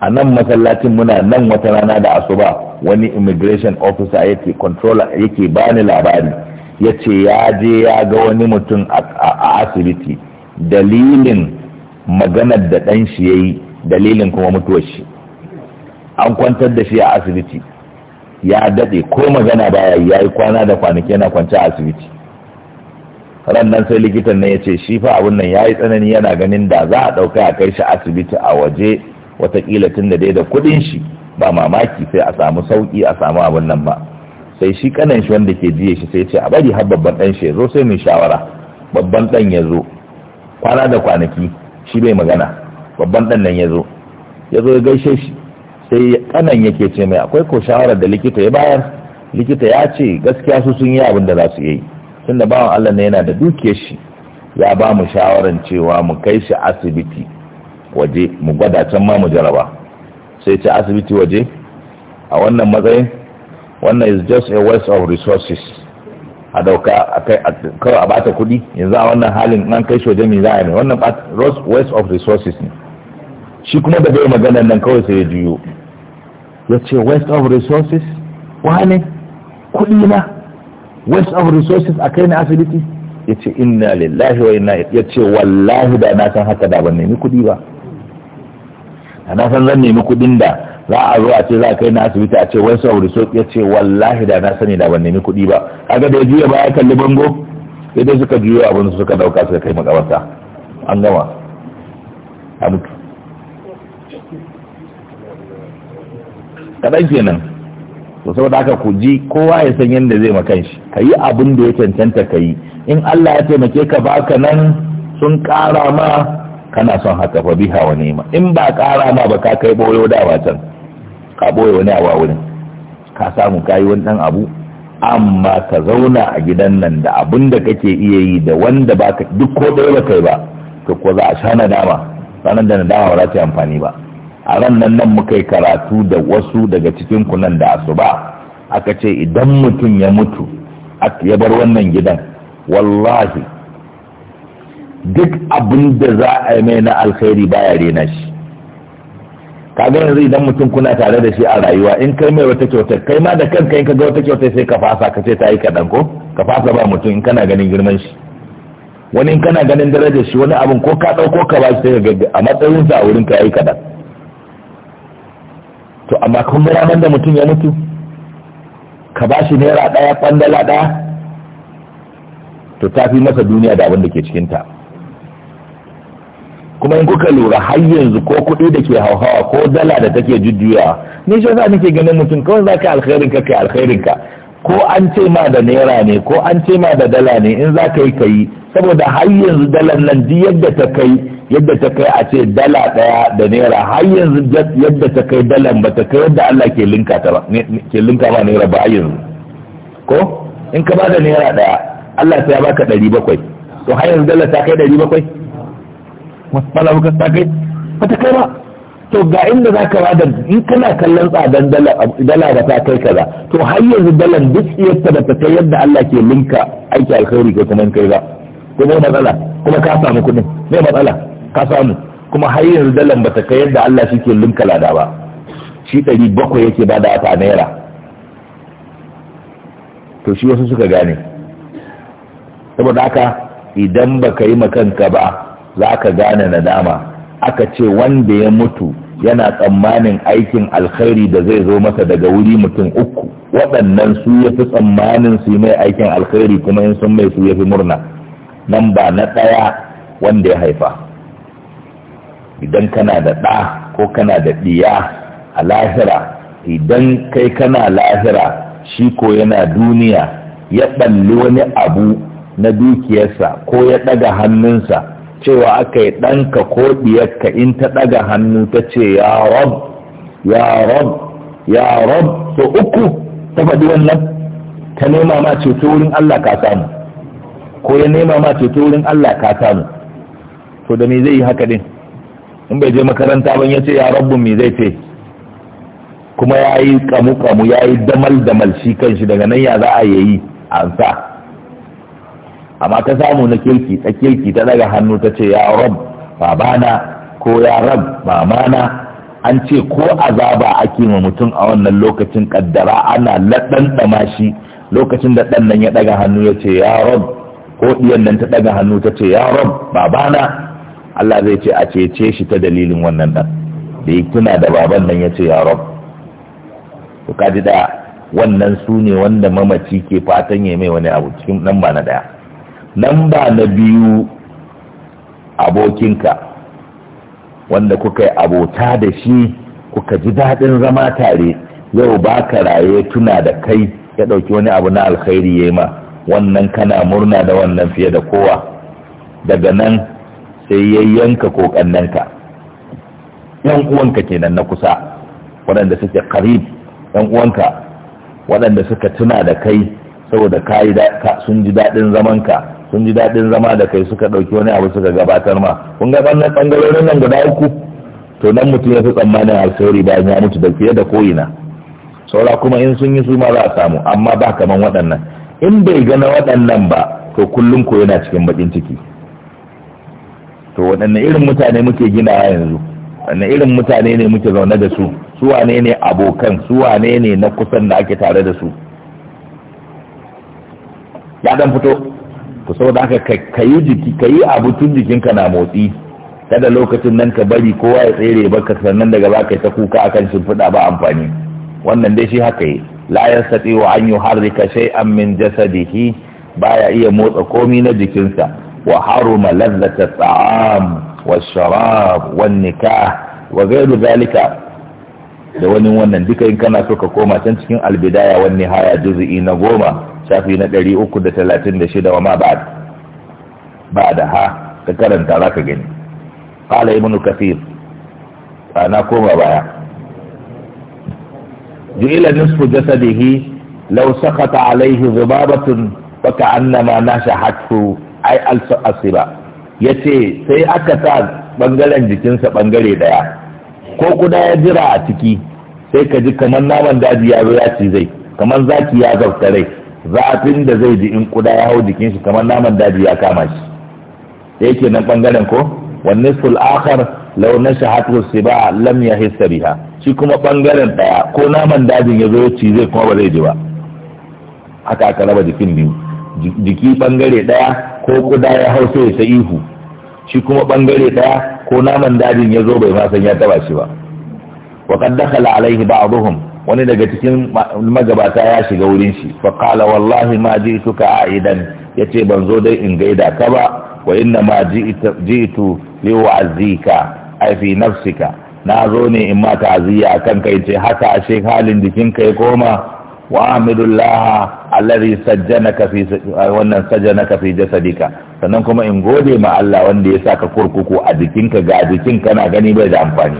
a nan masallacin muna nan wata rana da asuba wani immigration officer yake controller yake bani labari ya ce ya je ya ga wani mutum a asibiti dalilin maganar da ɗan shi ya yi dalilin kuma mutuwar shi an kwantar da shi a asibiti ya daɗe ko magana baya ya yi kwana da kwanaki yana kwanci a asibiti Ran nan sai likitan nan ya ce shi fa abun nan ya yi tsanani yana ganin da za a ɗauka a kai shi asibiti a waje watakila tun da dai da kuɗin shi ba mamaki sai a samu sauƙi a samu abun nan ba sai shi kanan shi wanda ke jiye shi sai ce a bari har babban ɗan shi ya zo sai mai shawara babban ɗan ya zo kwana da kwanaki shi bai magana babban ɗan nan ya zo ya zo ya gaishe shi sai anan yake ce mai akwai ko shawarar da likita ya bayar likita ya ce gaskiya su sun yi abin da za su yi tunda bawan Allah ne yana da dukiyar shi ya ba mu shawaran cewa mu kai shi asibiti waje mu gwada can ma mu jaraba sai ce asibiti waje a wannan matsayin wannan is just a waste of resources a dauka kai a bata kudi yanzu a wannan halin an kai shi waje mai za a yi wannan waste of resources ne shi kuma da bai magana nan kawai sai ya juyo ya ce waste of resources wane kudi na waste of resources a kai na asibiti ya ce inna lillahi wa inna ya ce wallahi da na san haka da ban nemi kudi ba da na san zan nemi kuɗin da za a zo a ce za a kai na asibiti a ce waste of resources ya ce wallahi da na sani da ban nemi kudi ba kaga da ya juya baya kalli bango sai dai suka juya abin su suka dauka suka kai makabarta an gama a mutu kaɗan kenan to saboda haka ku ji kowa ya san yadda zai makan shi ka yi abin da ya cancanta ka yi in Allah ya taimake ka baka nan sun ƙara ma kana son haka fa biha wa nema in ba ƙara ma ba ka kai boyo da can ka boye wani awa wurin ka samu ka yi wani ɗan abu amma ka zauna a gidan nan da abin da kake iya yi da wanda ka duk ko ɗaya ba kai ba to ko za a sha nadama ranar da nadama ba za ta yi amfani ba a rannan nan muka yi karatu da wasu daga cikin kunan da asuba aka ce idan mutum ya mutu ya bar wannan gidan wallahi duk abin da za a yi mai na alkhairi baya rena shi kaga yanzu idan mutum kuna tare da shi a rayuwa in kai mai wata kyauta kai ma da kanka in ka ga wata kyauta sai ka fasa ka ce ta yi kaɗan ko ka fasa ba mutum in kana ganin girman shi wani in kana ganin darajar shi wani abin ko ka ɗauko ka ba shi sai ka a matsayinsa a wurin ka yi kaɗan to amma kun ranar da mutum ya mutu ka ba shi naira ɗaya ɓandala ɗaya to ta fi masa duniya da abin da ke cikinta kuma in kuka lura har yanzu ko kuɗi da ke hauhawa ko dala da take jujjuyawa ni shi yasa nake ganin mutum kawai za ka alkhairin ka kai alkhairin ka ko an ce ma da naira ne ko an ce ma da dala ne in za ka yi ka yi saboda har yanzu dalar nan duk yadda ta kai yadda ta kai a ce dala daya da naira har yanzu yadda ta kai dala ba ta kai yadda Allah ke linka ta ba ke linka ma naira ba yanzu ko in ka ba da naira daya Allah sai ya baka ɗari bakwai to har yanzu dala ta kai ɗari bakwai malam ka ta kai ba ta kai ba to ga inda za ka bada in kana kallon tsadan dala ba ta kai kaza to har yanzu dalan duk tsiyarta da ta kai yadda Allah ke linka aiki alkhairi ko kuma kai ba kuma matsala kuma ka samu kuɗin me matsala ka samu kuma har yanzu dalan ba ta kai yadda Allah shi ke linka lada ba shi ɗari bakwai yake bada ta naira to shi wasu suka gane saboda haka idan ba ka yi makanka ba za ka gane nadama aka ce wanda ya mutu yana tsammanin aikin alkhairi da zai zo masa daga wuri mutum uku waɗannan su ya fi tsammanin su mai aikin alkhairi kuma in sun mai su ya fi murna nan ba na ɗaya wanda ya haifa idan kana da ɗa ko kana da ɗiya a lahira idan kai kana lahira shi ko yana duniya ya ɓalli wani abu na dukiyarsa ko ya ɗaga hannunsa cewa aka yi ɗanka ko ɗiyarka in ta ɗaga hannu ta ce ya rab ya rab ya rab to uku ta faɗi wannan ta nema ma ceto wurin Allah ka samu ko ya nema ma ceto wurin Allah ka samu to da me zai yi haka din in bai je makaranta ban ya ce ya rabu me zai ce kuma ya yi kamu kamu ya yi damal damal shi kanshi daga nan ya za a yayi an sa amma ta samu na kirki ta kirki ta daga hannu ta ce ya rab babana ko ya rab mamana an ce ko azaba ake ma mutum a wannan lokacin kaddara ana laɗanɗama shi lokacin da ɗan nan ya ɗaga hannu ya ce ya rab ko ɗiyan nan ta ɗaga hannu ta ce ya rab babana Allah zai ce a cece shi ta dalilin wannan ɗan da ya tuna da baban nan ya ce ya rab to kaji da wannan su ne wanda mamaci ke fatan ya mai wani abu cikin nan ba na ɗaya Nan ba na biyu abokinka wanda kuka yi abota da shi kuka ji daɗin zama tare yau ba ka raye tuna da kai ya ɗauki wani abu na alkhairi ya ma wannan kana murna da wannan fiye da kowa daga nan sai ya yanka kokannanka yan uwanka kenan na kusa waɗanda suke karib yan uwanka waɗanda suka tuna da kai saboda sun ji daɗin zamanka sun ji daɗin zama da kai suka ɗauki wani abu suka gabatar ma kun ga ɓannan ɓangarorin nan guda uku to nan mutum ya fi tsammanin alkhairi bayan ya mutu da fiye da ko'ina saura kuma in sun yi su ma za a samu amma ba kaman waɗannan in bai gana waɗannan ba to kullum ko yana cikin baƙin ciki to waɗanne irin mutane muke gina yanzu waɗanne irin mutane ne muke zaune da su su wane ne abokan su wane ne na kusan da ake tare da su ya dan fito to saboda haka ka yi jiki ka abu tun jikinka na motsi kada lokacin nan ka bari kowa ya tsere baka sannan daga ba ka ta kuka akan shimfiɗa ba amfani wannan dai shi haka yi la sati wa an shai an min jasadihi baya iya motsa komi na jikinsa wa haruma lallata ta'am wa sharab wa nika wa gairu zalika da wani wannan duka in kana so ka koma can cikin albidaya wani haya juzu'i na goma shafi na ɗari uku da talatin da shida wa ma ba da ha ka karanta za ka gani ƙala ibn kafir ba na koma baya ju'ila nisfu jasadihi law saqata alayhi baka fa ka'annama nashahathu ay al-asiba yace sai aka sa bangaren jikinsa bangare daya ko kuda ya jira a ciki sai ka ji kamar naman daji ya zo ya ci zai kamar zaki ya zauka rai zafin da zai ji in kuda ya hau jikin shi kamar naman daji ya kama shi da yake nan bangaren ko wanne sul'akar launin shahatu su ba lam yahissa biha shi kuma bangaren daya ko naman dajin ya zo ci zai kuma ba zai ji ba haka aka raba jikin biyu jiki bangare ɗaya ko kuda ya hau sai ya ihu shi kuma bangare ɗaya ko naman dajin ya zo bai ma san ya taba shi ba wa qad dakhala alaihi ba'dhum wani daga cikin magabata ya shiga wurin shi fa qala wallahi ma ji'tuka aidan yace ban zo dai in gaida ka ba wa inna ma ji'tu li wa'azika ai fi nafsika na zo ne in ma ta'ziya kan kai ce haka ashe halin jikin kai koma وعامل الله الذي سجنك fi wannan sajjanaka fi jasadika sannan kuma in gode ma Allah wanda ya saka kurkuku a jikinka ga jikinka na gani bai da amfani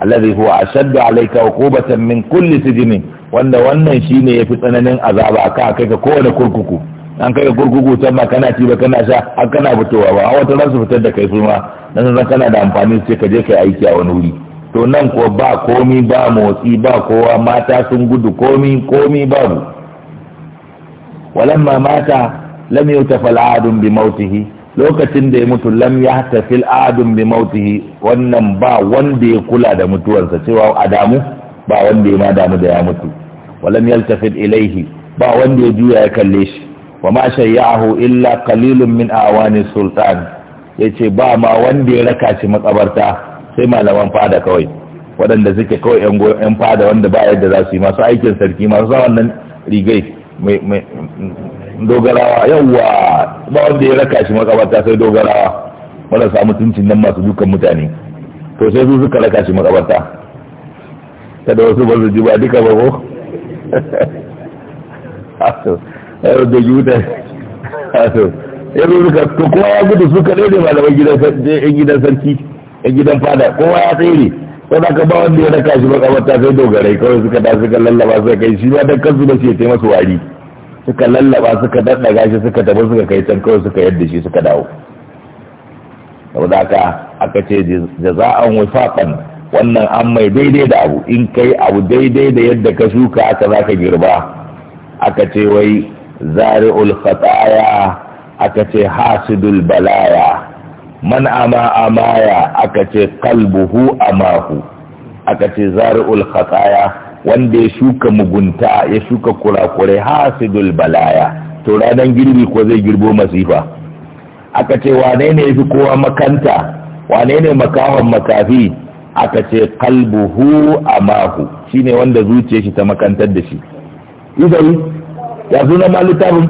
alladhi huwa ashaddu alayka uqubatan min kulli sijnin wanda wannan shine yafi tsananin azaba ka kai ka kowane kurkuku an kai ka kurkuku ta ma kana ci ba kana sha har kana fitowa ba wata ran su fitar da kai su ma dan san kana da amfani sai ka je kai aiki a wani wuri to nan ko ba komi ba motsi ba kowa mata sun gudu komi komi babu walamma mata lam yutafal adun bi mautihi lokacin da ya mutu lam ya tafil adun bi mautihi wannan ba wanda ya kula da mutuwarsa cewa a damu ba wanda ya ma damu da ya mutu walam yaltafit ilaihi ba wanda ya juya ya kalle shi wa ma shayyahu illa qalilun min awani sultan yace ba ma wanda ya raka shi makabarta sai malaman fada kawai waɗanda suke kawai yan fada wanda ba yadda za su yi masu aikin sarki masu sa wannan rigai dogarawa yawwa ba wanda ya raka shi makabarta sai dogarawa marasa mutuncin nan masu dukan mutane to sai su suka raka shi makabarta kada wasu ba su ji ba duka ba ko aso yau da yuta aso yanzu suka to kowa ya gudu suka ne da malaman gidan sarki a gidan fada kowa ya tsere sau da ka ba wanda ya raka shi makabarta sai dogarai kawai suka da suka lallaba suka kai shi ma dan kansu ba shi ya taimaka wari suka lallaba suka danna gashi suka tafi suka kai can kawai suka yadda shi suka dawo saboda haka aka ce jaza'an wasaqan wannan an mai daidai da abu in kai abu daidai da yadda ka shuka aka zaka girba aka ce wai zari'ul khataya aka ce hasidul balaya man ama amaya aka ce qalbuhu amahu aka ce zari'ul khataya wanda ya shuka mugunta ya shuka kurakurai hasidul balaya to ranar girbi ko zai girbo masifa aka ce wane ne fi kowa makanta wane ne makawan makafi aka ce kalbuhu amahu shine wanda zuciya shi ta makantar da shi izari ya zuna ma littafin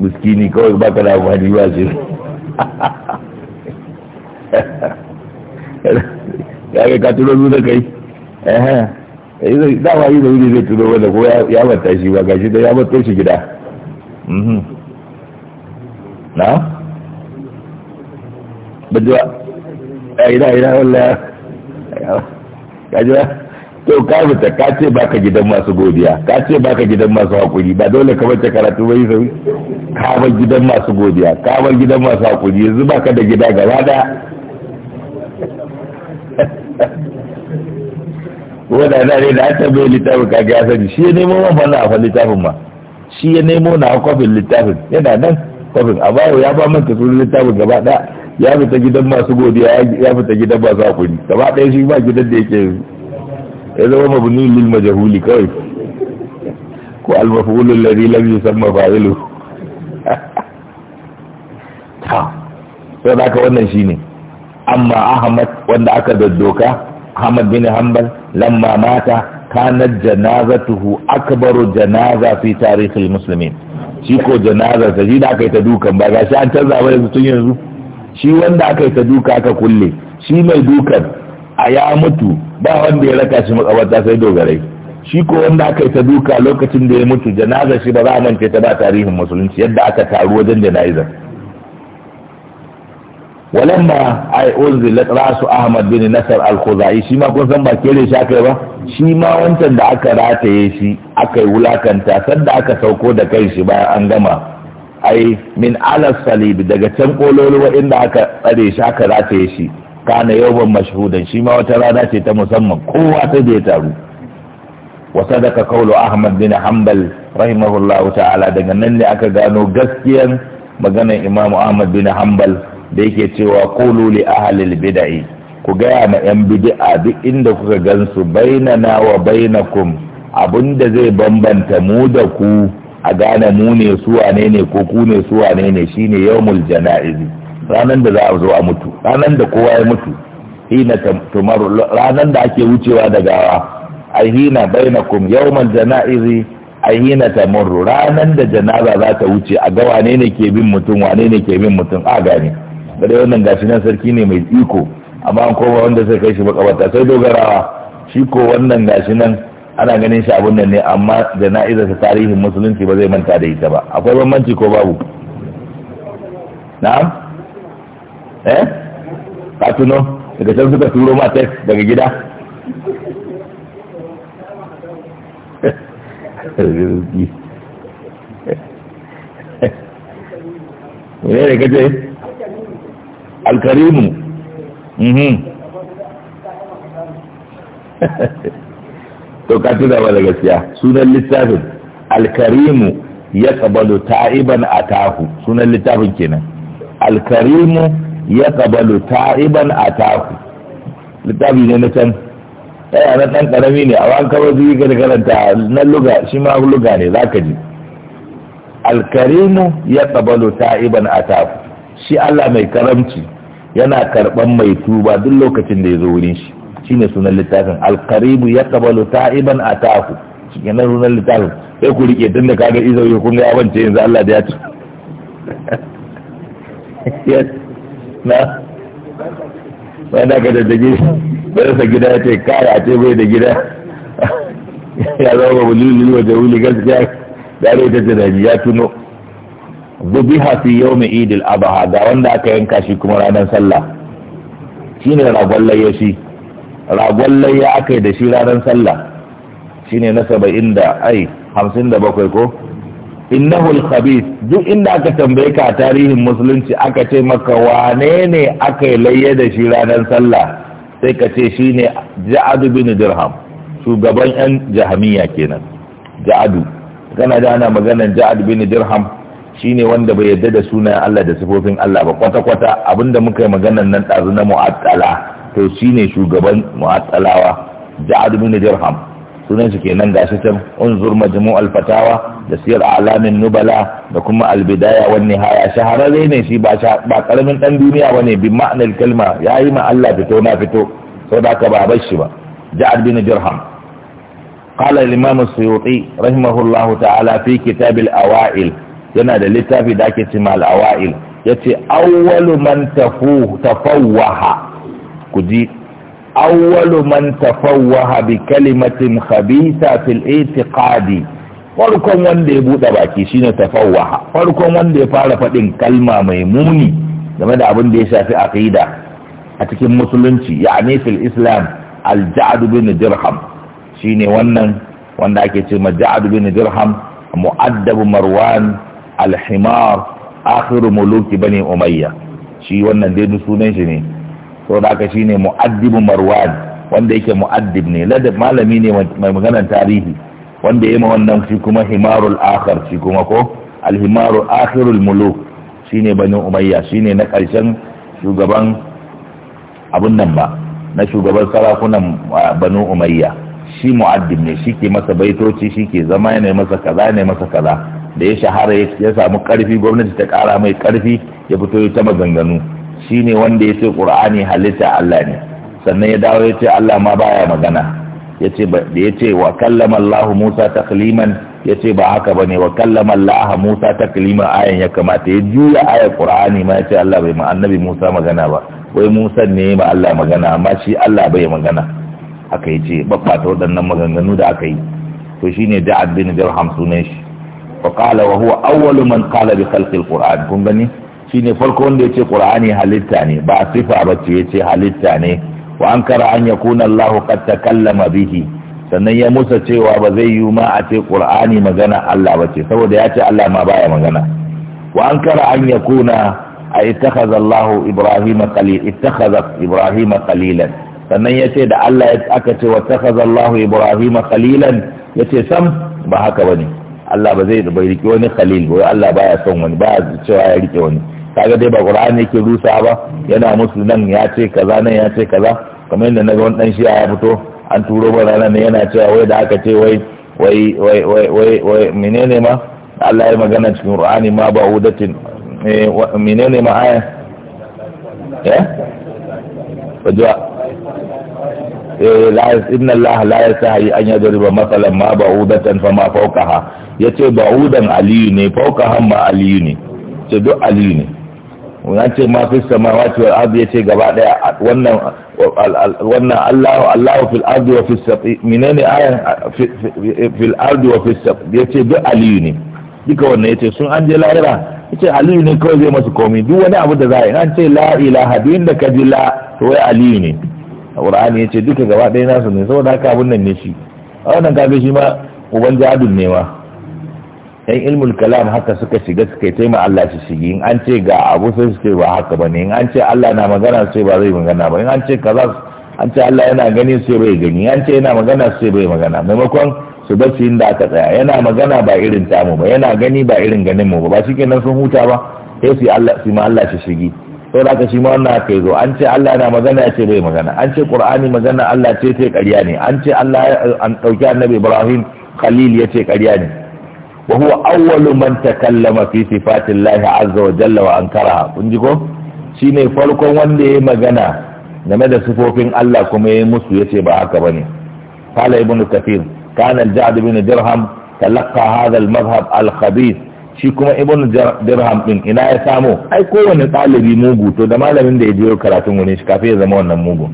miskini kawai baka da amfani ba ya ka tuno zuwa kai Eh, dama yi da wuri zai tuno wanda ko ya bata shi ba gashi da ya bato shi gida mhm. na? bajuwa a eh, ina ina wallah gajuwa to ka fita ka ce baka gidan masu godiya ka ce baka gidan masu hakuri ba dole ka bace karatu bai sauyi ka bar gidan masu godiya ka bar gidan masu hakuri yanzu baka da gida gaba daya ko da da ne da an bai littafin kaga ya sani shi ya nemo man fanna a fa littafin ma shi ya nemo na kofin littafin yana nan kofin a bayo ya ba man kasuwar littafin gaba ɗaya ya fita gidan masu godiya ya fita gidan masu hakuri gaba ɗaya shi ba gidan da yake yanzu ya zama mabni lil majahuli kawai ko al maf'ul alladhi lam yusamma fa'ilu ta sai da ka wannan shine amma ahmad wanda aka daddoka ahmad bin hanbal lamma mata kanat janazatuhu akbaru janaza fi tarihil muslimin shi ko janaza ta shi da aka yi ta dukan ba ga shi an canza ba yanzu tun yanzu shi wanda aka yi ta duka ka kulle shi mai dukan a ya mutu ba wanda ya raka shi makabarta sai dogarai shi ko wanda aka yi ta duka lokacin da ya mutu janaza shi ba za a mance ta ba tarihin musulunci yadda aka taru wajen jana'izar walamma ai unzilat rasu ahmad bin nasar al-khuzai shi ma kun san ba kere shi aka ba shi ma wancan da aka rataye shi aka yi wulakanta sanda aka sauko da kai shi bayan an gama ai min alas salib daga can kololuwa inda aka tsare shi aka rataye shi kana yawan mashhudan shi ma wata rana ce ta musamman kowa sai da ya taru wa sadaka qawlu ahmad bin hanbal rahimahullahu ta'ala daga nan ne aka gano gaskiyan maganar imamu ahmad bin hanbal da yake cewa kulu li ahlil bid'ah ku gaya ma yan bid'a duk inda kuka gansu bainana wa bainakum abinda zai bambanta mu da ku a gane mu ne su wane ne ko ku ne su wane ne shine yawmul jana'izi ranan da za a zo a mutu ranan da kowa ya mutu hina tumaru ranan da ake wucewa da gawa a hina bainakum yawmul jana'izi a hina tamurru ranan da janaza za ta wuce a ga wane ne ke bin mutum wane ne ke bin mutum a gane bare wannan gashi nan sarki ne mai iko amma an koma wanda sai kai shi makabarta sai dogarawa shi ko wannan gashi nan ana ganin shi abun nan ne amma da jana'izar ta tarihin musulunci ba zai manta da ita ba akwai bambanci ko babu na'am eh ka tuno daga can suka turo ma tek daga gida ne da kace alkarimu mhm. to ka tuna ba da gaskiya sunan littafin alkarimu ya kabalu ta'iban a tahu sunan littafin kenan alkarimu ya kabalu ta'iban a tahu littafi ne na can ɗaya eh, na ɗan ƙarami ne a wani kawai zai ka karanta na luga shi ma luga ne za ka ji alkarimu ya kabalu ta'iban a tahu shi Allah mai karamci yana karban mai tuba duk lokacin da ya zo wurin shi shine sunan littafin alqaribu yaqbalu ta'iban atahu shike nan sunan littafin sai ku rike tunda kaga izo ya kun ga abance yanzu Allah da ya ci na na da ka da dage barasa gida ya ce a ce bai da gida ya zama ba wuli wa wuli gaskiya da rai ta tunani ya tuno dubiha fi yawmi idil abaha ga wanda aka yanka shi kuma ranar sallah shine ragon laye shi ragon layya aka yi da shi ranar sallah shine na saba'in da ai hamsin da bakwai ko innahul khabith duk inda aka tambaye ka tarihin musulunci aka ce maka wane ne aka yi laye da shi ranar sallah sai ka ce shine ja'adu bin dirham shugaban yan jahamiya kenan ja'adu kana da ana maganar ja'ad bin dirham shine wanda bai yadda da sunayen Allah da sifofin Allah ba kwata-kwata abinda muka yi maganar nan ɗazu na mu'attala to shine shugaban mu'attalawa ja'ad bin dirham sunan shi kenan gashi can unzur majmu' al-fatawa da siyar alamin nubala da kuma al-bidaya wan nihaya shahararre ne shi ba ba karamin dan duniya bane bi ma'anar kalma yayi ma Allah fito na fito saboda ka ba bar shi ba ja'ad bin dirham قال الإمام السيوطي رحمه الله تعالى في كتاب الأوائل yana da littafi da ake cima al'awa'il ya ce awwalu man tafawwaha ku ji man tafawwaha bi kalimatin khabisa fil itiqadi farkon wanda ya buɗe baki shine tafawwaha farkon wanda ya fara faɗin kalma mai muni game da abin da ya shafi aqida a cikin musulunci ya'ni fil islam al-ja'd bin dirham shine wannan wanda ake ce ma ja'd bin dirham mu'addab marwan alhimar akhiru muluki bani umayya shi wannan dai sunan shi ne saboda haka shine mu'addibu marwan wanda yake mu'addib ne ladab malami ne mai maganar tarihi wanda yayi wannan shi kuma himarul akhir shi kuma ko alhimarul akhirul muluk shine bani umayya shine na karshen shugaban abun nan ba na shugaban sarakunan banu umayya shi mu'addib ne shi ke masa baitoci shi ke zama ne masa kaza ne masa kaza da ya shahara ya samu karfi gwamnati ta kara mai karfi ya fito ya ta maganganu shine wanda ya ce qur'ani halitta Allah ne sannan ya dawo ya ce Allah ma baya magana ce da ce wa kallama Allah Musa takliman ce ba haka bane wa kallama Allah Musa takliman ayan ya kamata ya juya ayar qur'ani ma ya ce Allah bai ma annabi Musa magana ba wai Musa ne ma Allah magana amma shi Allah bai magana aka yi ce babba ta waɗannan maganganu da aka yi to shine da'ad bin dirham sunan shi wa qala wa huwa awwalu man qala bi kun gani shine farko wanda ya ce qur'ani halitta ne ba sifa ba ce yace halitta ne wa ankara an yakuna allah qad takallama bihi sannan ya musa cewa ba zai yi ma a ce qur'ani magana Allah ba ce saboda ya ce Allah ma baya magana wa ankara an yakuna a ittakhadha allah ibrahima qalil sannan ya ce da Allah aka ce wa ittakhadha allah ibrahima qalilan ya ce sam ba haka bane Allah ba zai bai rike wani khalil ba Allah baya son wani baya cewa ya rike wani kaga dai ba Qur'ani yake rusa ba yana musu nan ya ce kaza nan ya ce kaza kamar yadda naga wani dan shi'a ya fito an turo ba ne yana cewa wai da aka ce wai wai wai wai wai menene ma Allah ya magana cikin Qur'ani ma ba udatin eh, menene ma aya eh wajwa eh, la inna Allah la yasahi an yadriba masalan ma ba'udatan fama fawqaha ya ce ba udan aliyu ne fauka hamma aliyu ne ce duk aliyu ne wani ce ma fi samawa ce al'adu. ya ce gaba daya wannan allahu allahu fil ardi wa fis sabi menene ayan fil ardi wa fis sabi ya ce duk aliyu ne duka wannan ya ce sun an je lahira ya ce aliyu ne kawai zai masu komi duk wani abu da za a yi an ce la ilaha duk inda ka ji la to wai aliyu ne ƙur'ani ya ce duka gaba daya nasu ne saboda haka abun nan ne shi a wannan kafin shi ma uban jihadun ne ma yan ilmul kalam haka suka shiga suka yi taimaka Allah shi shigi in an ce ga abu sai su ce ba haka ba ne in an ce Allah na magana su ce ba zai magana ba in an ce kaza an ce Allah yana gani su ce bai gani an ce yana magana su ce bai magana maimakon su bar shi inda aka tsaya yana magana ba irin tamu ba yana gani ba irin ganin mu ba ba shi kenan sun huta ba sai su Allah su ma Allah shi shigi sau da shi ma wannan aka yi zo an ce Allah na magana ya ce bai magana an ce ƙur'ani magana Allah ce ce ƙarya ne an ce Allah an ɗauki Annabi Ibrahim Khalil ya ce ƙarya ne wa Auwalu manta man takallama fi sifatillahi azza wa jalla wa ankaraha kun ji ko shine farkon wanda ya yi magana game da sifofin Allah kuma yayi musu ya ce ba haka bane qala ibnu kathir kana al-ja'd ibn dirham talaqqa hadha al al-khabith shi kuma ibnu dirham din ina ya samu ai kowane ɗalibi mugu to da malamin da ya je karatun wani shi kafin ya zama wannan mugu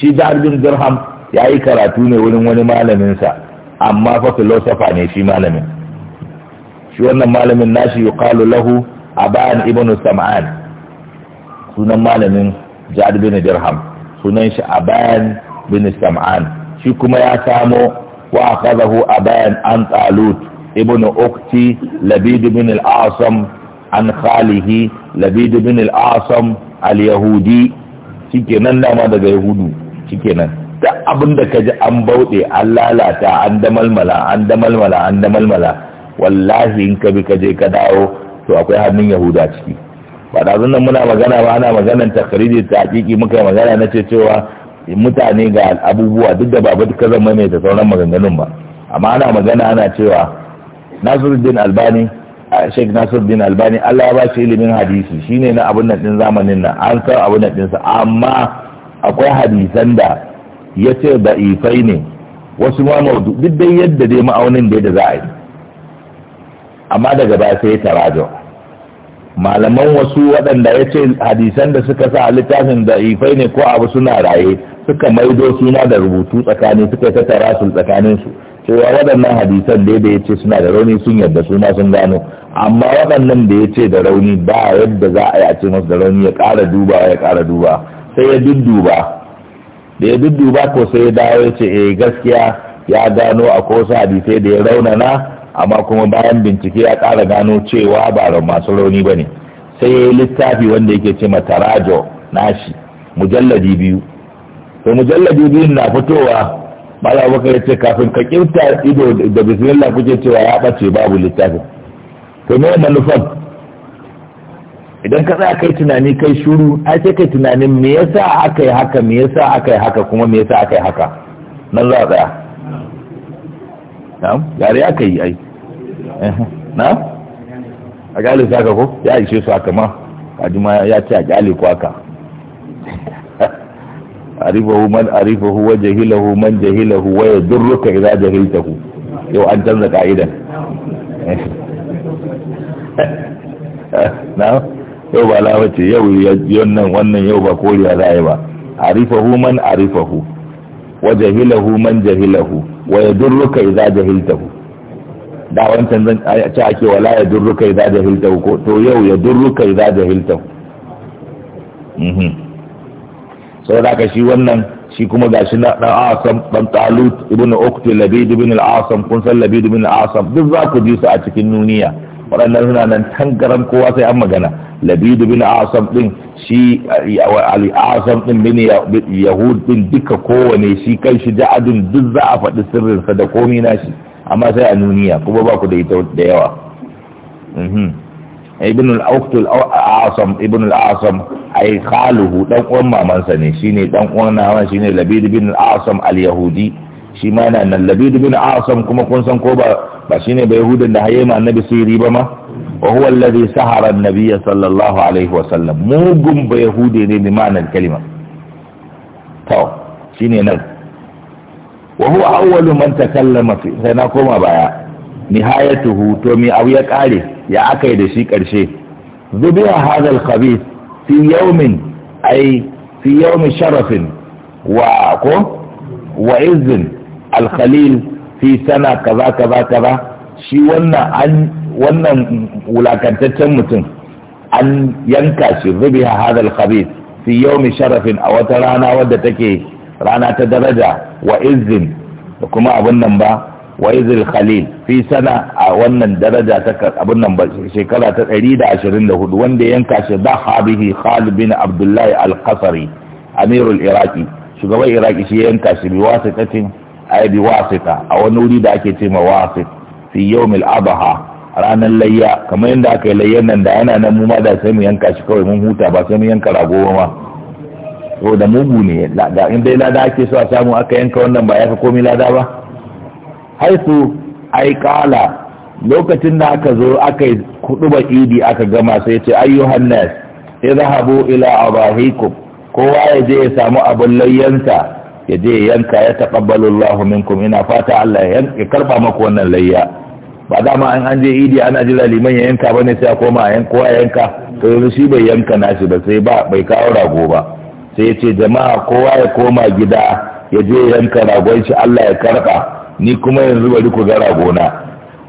shi ja'd ibn dirham yayi karatu ne wurin wani malaminsa, amma fa filosofa ne shi malamin shi wannan malamin nashi yuqalu lahu aban ibn sam'an sunan malamin jad bin dirham sunan shi aban bin sam'an shi kuma ya samo wa akhadahu aban an talut ibn ukti labid bin al-asam an khalihi labid bin al-asam al-yahudi shikenan dama daga yahudu shikenan duk abin da ka ji an bauɗe an lalata an damalmala an damalmala an damalmala wallahi in ka bi ka je ka dawo to akwai hannun yahuda ciki ba da zunan muna magana ba ana maganan takariri ta hakiki muka yi magana na ce cewa mutane ga abubuwa duk da ba ba zama zan maimaita sauran maganganun ba amma ana magana ana cewa nasiruddin albani sheikh nasiruddin albani allah ya ba shi ilimin hadisi shine na abun nan zamanin nan an san abun nan dinsa amma akwai hadisan da ya ce ifai ne wasu ma duk dai yadda dai ma'aunin da za a yi amma daga baya sai ya tarajo malaman wasu waɗanda ya ce hadisan da suka sa a littafin ifai ne ko abu suna raye suka maido suna da rubutu tsakani suka yi ta tsakanin su cewa waɗannan hadisan da ya ce suna da rauni sun yadda suna sun gano amma waɗannan da ya ce da rauni ba yadda za a yi a ce masu da rauni ya ƙara duba ya ƙara duba sai ya dudduba da ya dudduba ko sai ya dawo ya ce eh gaskiya ya gano a wasu hadisai da ya raunana amma kuma bayan bincike ya ƙara gano cewa ba masu rauni ba ne sai ya yi littafi wanda yake ce matarajo nashi mujalladi biyu to mujalladi biyun na fitowa mala ya ce kafin ka kirta ido da bismillah kuke cewa ya ɓace babu littafin to me manufan idan ka tsaya kai tunani kai shuru ai sai kai tunanin me yasa aka yi haka me yasa aka yi haka kuma me yasa aka yi haka nan za a tsaya na'am gari aka yi ai na a gale haka ko ya ishe su haka ma jima ya ce a gale haka. A rifahu man arifahu wa jahilahu man jahilahu wa yadurruka idza jahiltahu yau an canza ka'idan na yau ba lawa ce yau yannan wannan yau ba koriya za a yi ba arifahu man arifahu wa jahilahu man jahilahu wa yadurruka idza jahiltahu da wancan zan ce ake wala ya durruka da jahilta ko to yau ya durruka da jahilta mhm da ka shi wannan shi kuma gashi na dan asam dan talut ibnu ukti labid ibn al-asam kun san labid ibn al-asam duk za ku ji su a cikin nuniya waɗannan suna nan tangaran kowa sai an magana labid ibn asam din shi al-asam din bin yahud din duka kowane shi kai shi da'adin duk za a faɗi sirrinsa da komi na shi amma sai a nuniya kuma ba ku da ita da yawa mhm. ibn al-auktul asam ibn al-asam ai khaluhu dan uwan mamansa ne shine dan uwan nawa shine labid ibn al-asam al-yahudi shi ma yana nan labid ibn al-asam kuma kun san ko ba ba shine ba yahudan da hayyama annabi sirri ba ma wa huwa alladhi sahara an-nabiy sallallahu alaihi wa sallam mugun ba yahudi ne bi ma'anar kalima to shine nan wa huwa awwalu man sai na koma baya nihayatuhu to mi abu ya ƙare ya akai da shi ƙarshe zubiya hadha al-khabith fi yawmin ay sharafin wa al-khalil fi sana kaza kaza kaza shi wannan wulakantaccen mutum an yanka shi zubiya hadha al-khabith fi yawmin sharafin a wata rana wadda take rana ta daraja wa izin da kuma abin nan ba wa khalil fi sana a wannan daraja ta abin nan ba shekara ta 124 wanda yanka shi da habihi khalid bin abdullahi al-qasari amirul iraki shugaban iraki shi yanka shi bi wasitatin ay a wani wuri da ake ce ma wasit fi yawmil adha ranar layya kamar yadda aka yi layyan nan da yana nan mu ma da sai mu yanka shi kawai mun huta ba sai mu yanka rago ma ko da mugu ne da in dai lada ake so a samu aka yanka wannan ba ya fi komi lada ba haisu ai kala lokacin da aka zo aka yi kudu idi aka gama sai ce ayyuhan nas izhabu ila abahikum kowa ya je ya samu abin layyansa ya je ya yanka ya taqabbalu Allahu minkum ina fata Allah ya karba maku wannan layya ba dama an an je idi ana jira liman ya yanka bane sai a koma a yanka kowa yanka to yanzu shi bai yanka nashi ba sai ba bai kawo rago ba sai ya ce jama'a kowa ya koma gida ya je yanka ragon shi Allah ya karba ni kuma yanzu bari ku ga ragona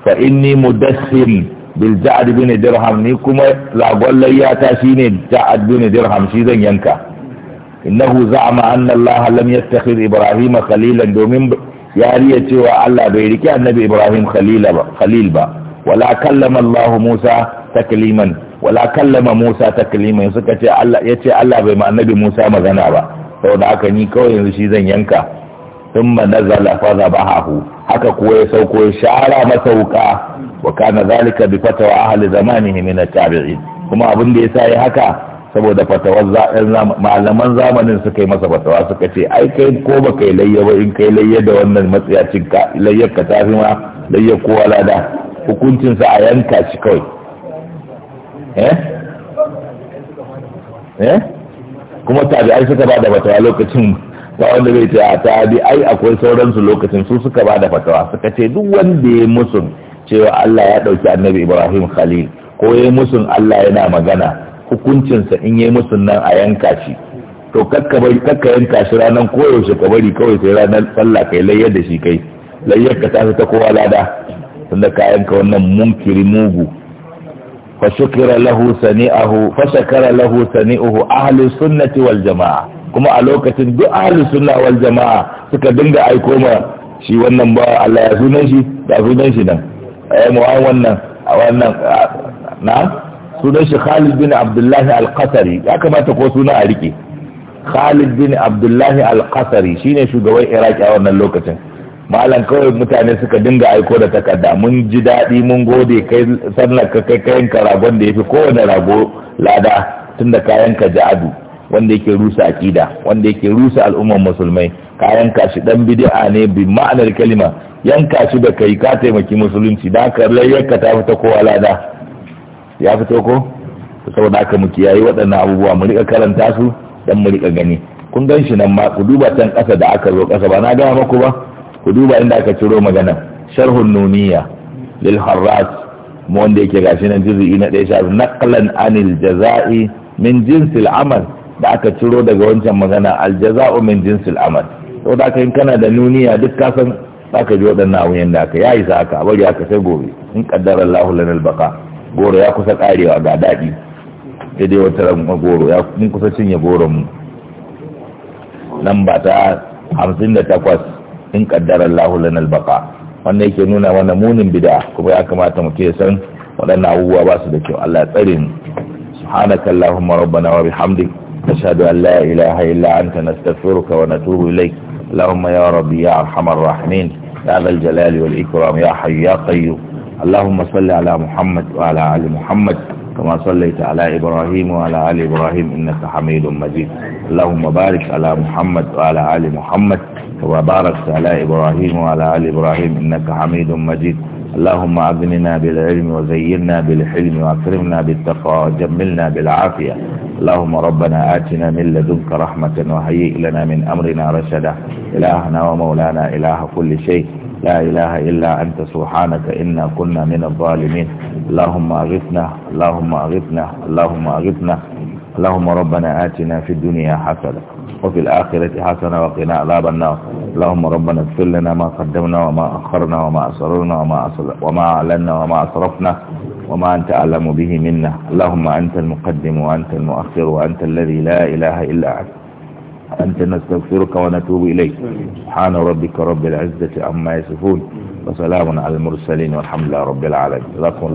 fa inni mudassim bil ja'd bin dirham ni kuma ragon layya ta shine ja'd bin dirham shi zan yanka innahu za'ama anna Allah lam yattakhid Ibrahim khalilan domin yariya cewa Allah bai riki annabi Ibrahim khalila ba khalil ba wala kallama Allah Musa takliman wala kallama Musa taklima suka ce Allah yace Allah bai ma annabi Musa magana ba saboda haka ni kawai yanzu shi zan yanka thumma nazala fa zabahu haka kuwa ya sauko ya shara masa wuka wa kana zalika bi fatawa ahli zamanihi min at-tabi'in kuma abin da yasa yi haka saboda fatawar malaman zamanin suka yi masa fatawa suka ce ai kai ko ba kai layya ba in kai layya da wannan matsayacin ka layyar ka tafi ma layyar kowa lada hukuncinsa a yanka shi kawai eh eh kuma tabi'ai suka ba da fatawa lokacin ba wanda zai ta a tabi'ai akwai sauransu lokacin su suka ba da fatawa suka ce duk wanda ya musu cewa Allah ya ɗauki annabi Ibrahim Khalil ko ya musu Allah yana magana hukuncinsa in ya musu nan a yanka shi to kakka bari kakka yanka shi ranar koyaushe ka bari kawai sai ranar sallah kai layyar da shi kai layyar ka ta ta kowa lada tunda ka wannan munkiri mugu fa shukira shakara lahu sani'uhu ahlus sunnati wal kuma a lokacin duk ahlus sunna wal suka dinga aiko ma shi wannan ba Allah ya sunan shi da sunan shi nan eh mu an wannan a wannan na sunan shi Khalid bin Abdullah al ya kamata ko suna a rike Khalid bin Abdullah al-Qasari shugaban Iraki a wannan lokacin malam kawai mutane suka dinga aiko da takarda mun ji daɗi mun gode kai sannan ka kai kayan ka ragon da yafi kowane rago lada da kayan ka ja'adu wanda yake rusa akida wanda yake rusa al'ummar musulmai kayan ka shi dan bid'a ne bi ma'anar kalima yanka shi da kai ka taimaki musulunci da ka ka ta fita kowa lada ya fito ko saboda haka mu kiyaye waɗannan abubuwa mu rika karanta su dan mu rika gani kun gan shi nan ma ku duba can ƙasa da aka zo ƙasa ba na gaya maku ba ku duba inda aka ciro magana sharhun nuniya lil harras mu wanda yake gashi nan juz'i na ɗaya shafi naqlan anil jaza'i min jinsil amal da aka ciro daga wancan magana al jaza'u min jinsil amal to da kai kana da nuniya duk ka san zaka ji waɗannan abun yanda aka yayi sa aka bari aka sai gobe in qaddara Allahu lana baqa goro ya kusa karewa ga dadi dai wata ran goro ya kusa cinye goron mu ba ta 58 in kaddara Allahu lana albaqa wannan yake nuna mana munin bid'a kuma ya kamata mutum ya san waɗannan abubuwa ba su da kyau Allah ya tsare mu subhanaka allahumma rabbana wa bihamdik nashhadu an la ilaha illa anta nastaghfiruka wa natubu ilayk اللهم يا ربي يا ارحم الراحمين يا ذا الجلال والاكرام يا حي يا قيوم اللهم صل على محمد وعلى ال محمد كما صليت على إبراهيم وعلى آل إبراهيم إنك حميد مجيد اللهم بارك على محمد وعلى آل محمد وباركت على إبراهيم وعلى آل إبراهيم إنك حميد مجيد اللهم أغننا بالعلم وزينا بالحلم وأكرمنا بالتقوى وجملنا بالعافية اللهم ربنا آتنا من لدنك رحمة وهيئ لنا من أمرنا رشدا إلهنا ومولانا إله كل شيء لا إله إلا أنت سبحانك إنا كنا من الظالمين اللهم أغثنا اللهم أغثنا اللهم أغثنا اللهم ربنا آتنا في الدنيا حسنة وفي الآخرة حسنة وقنا عذاب النار اللهم ربنا اغفر لنا ما قدمنا وما أخرنا وما أسررنا وما, وما أعلنا وما أسرفنا وما أنت أعلم به منا اللهم أنت المقدم وأنت المؤخر وأنت الذي لا إله إلا أنت أنت نستغفرك ونتوب إليك سبحان ربك رب العزة عما يصفون وسلام على المرسلين والحمد لله رب العالمين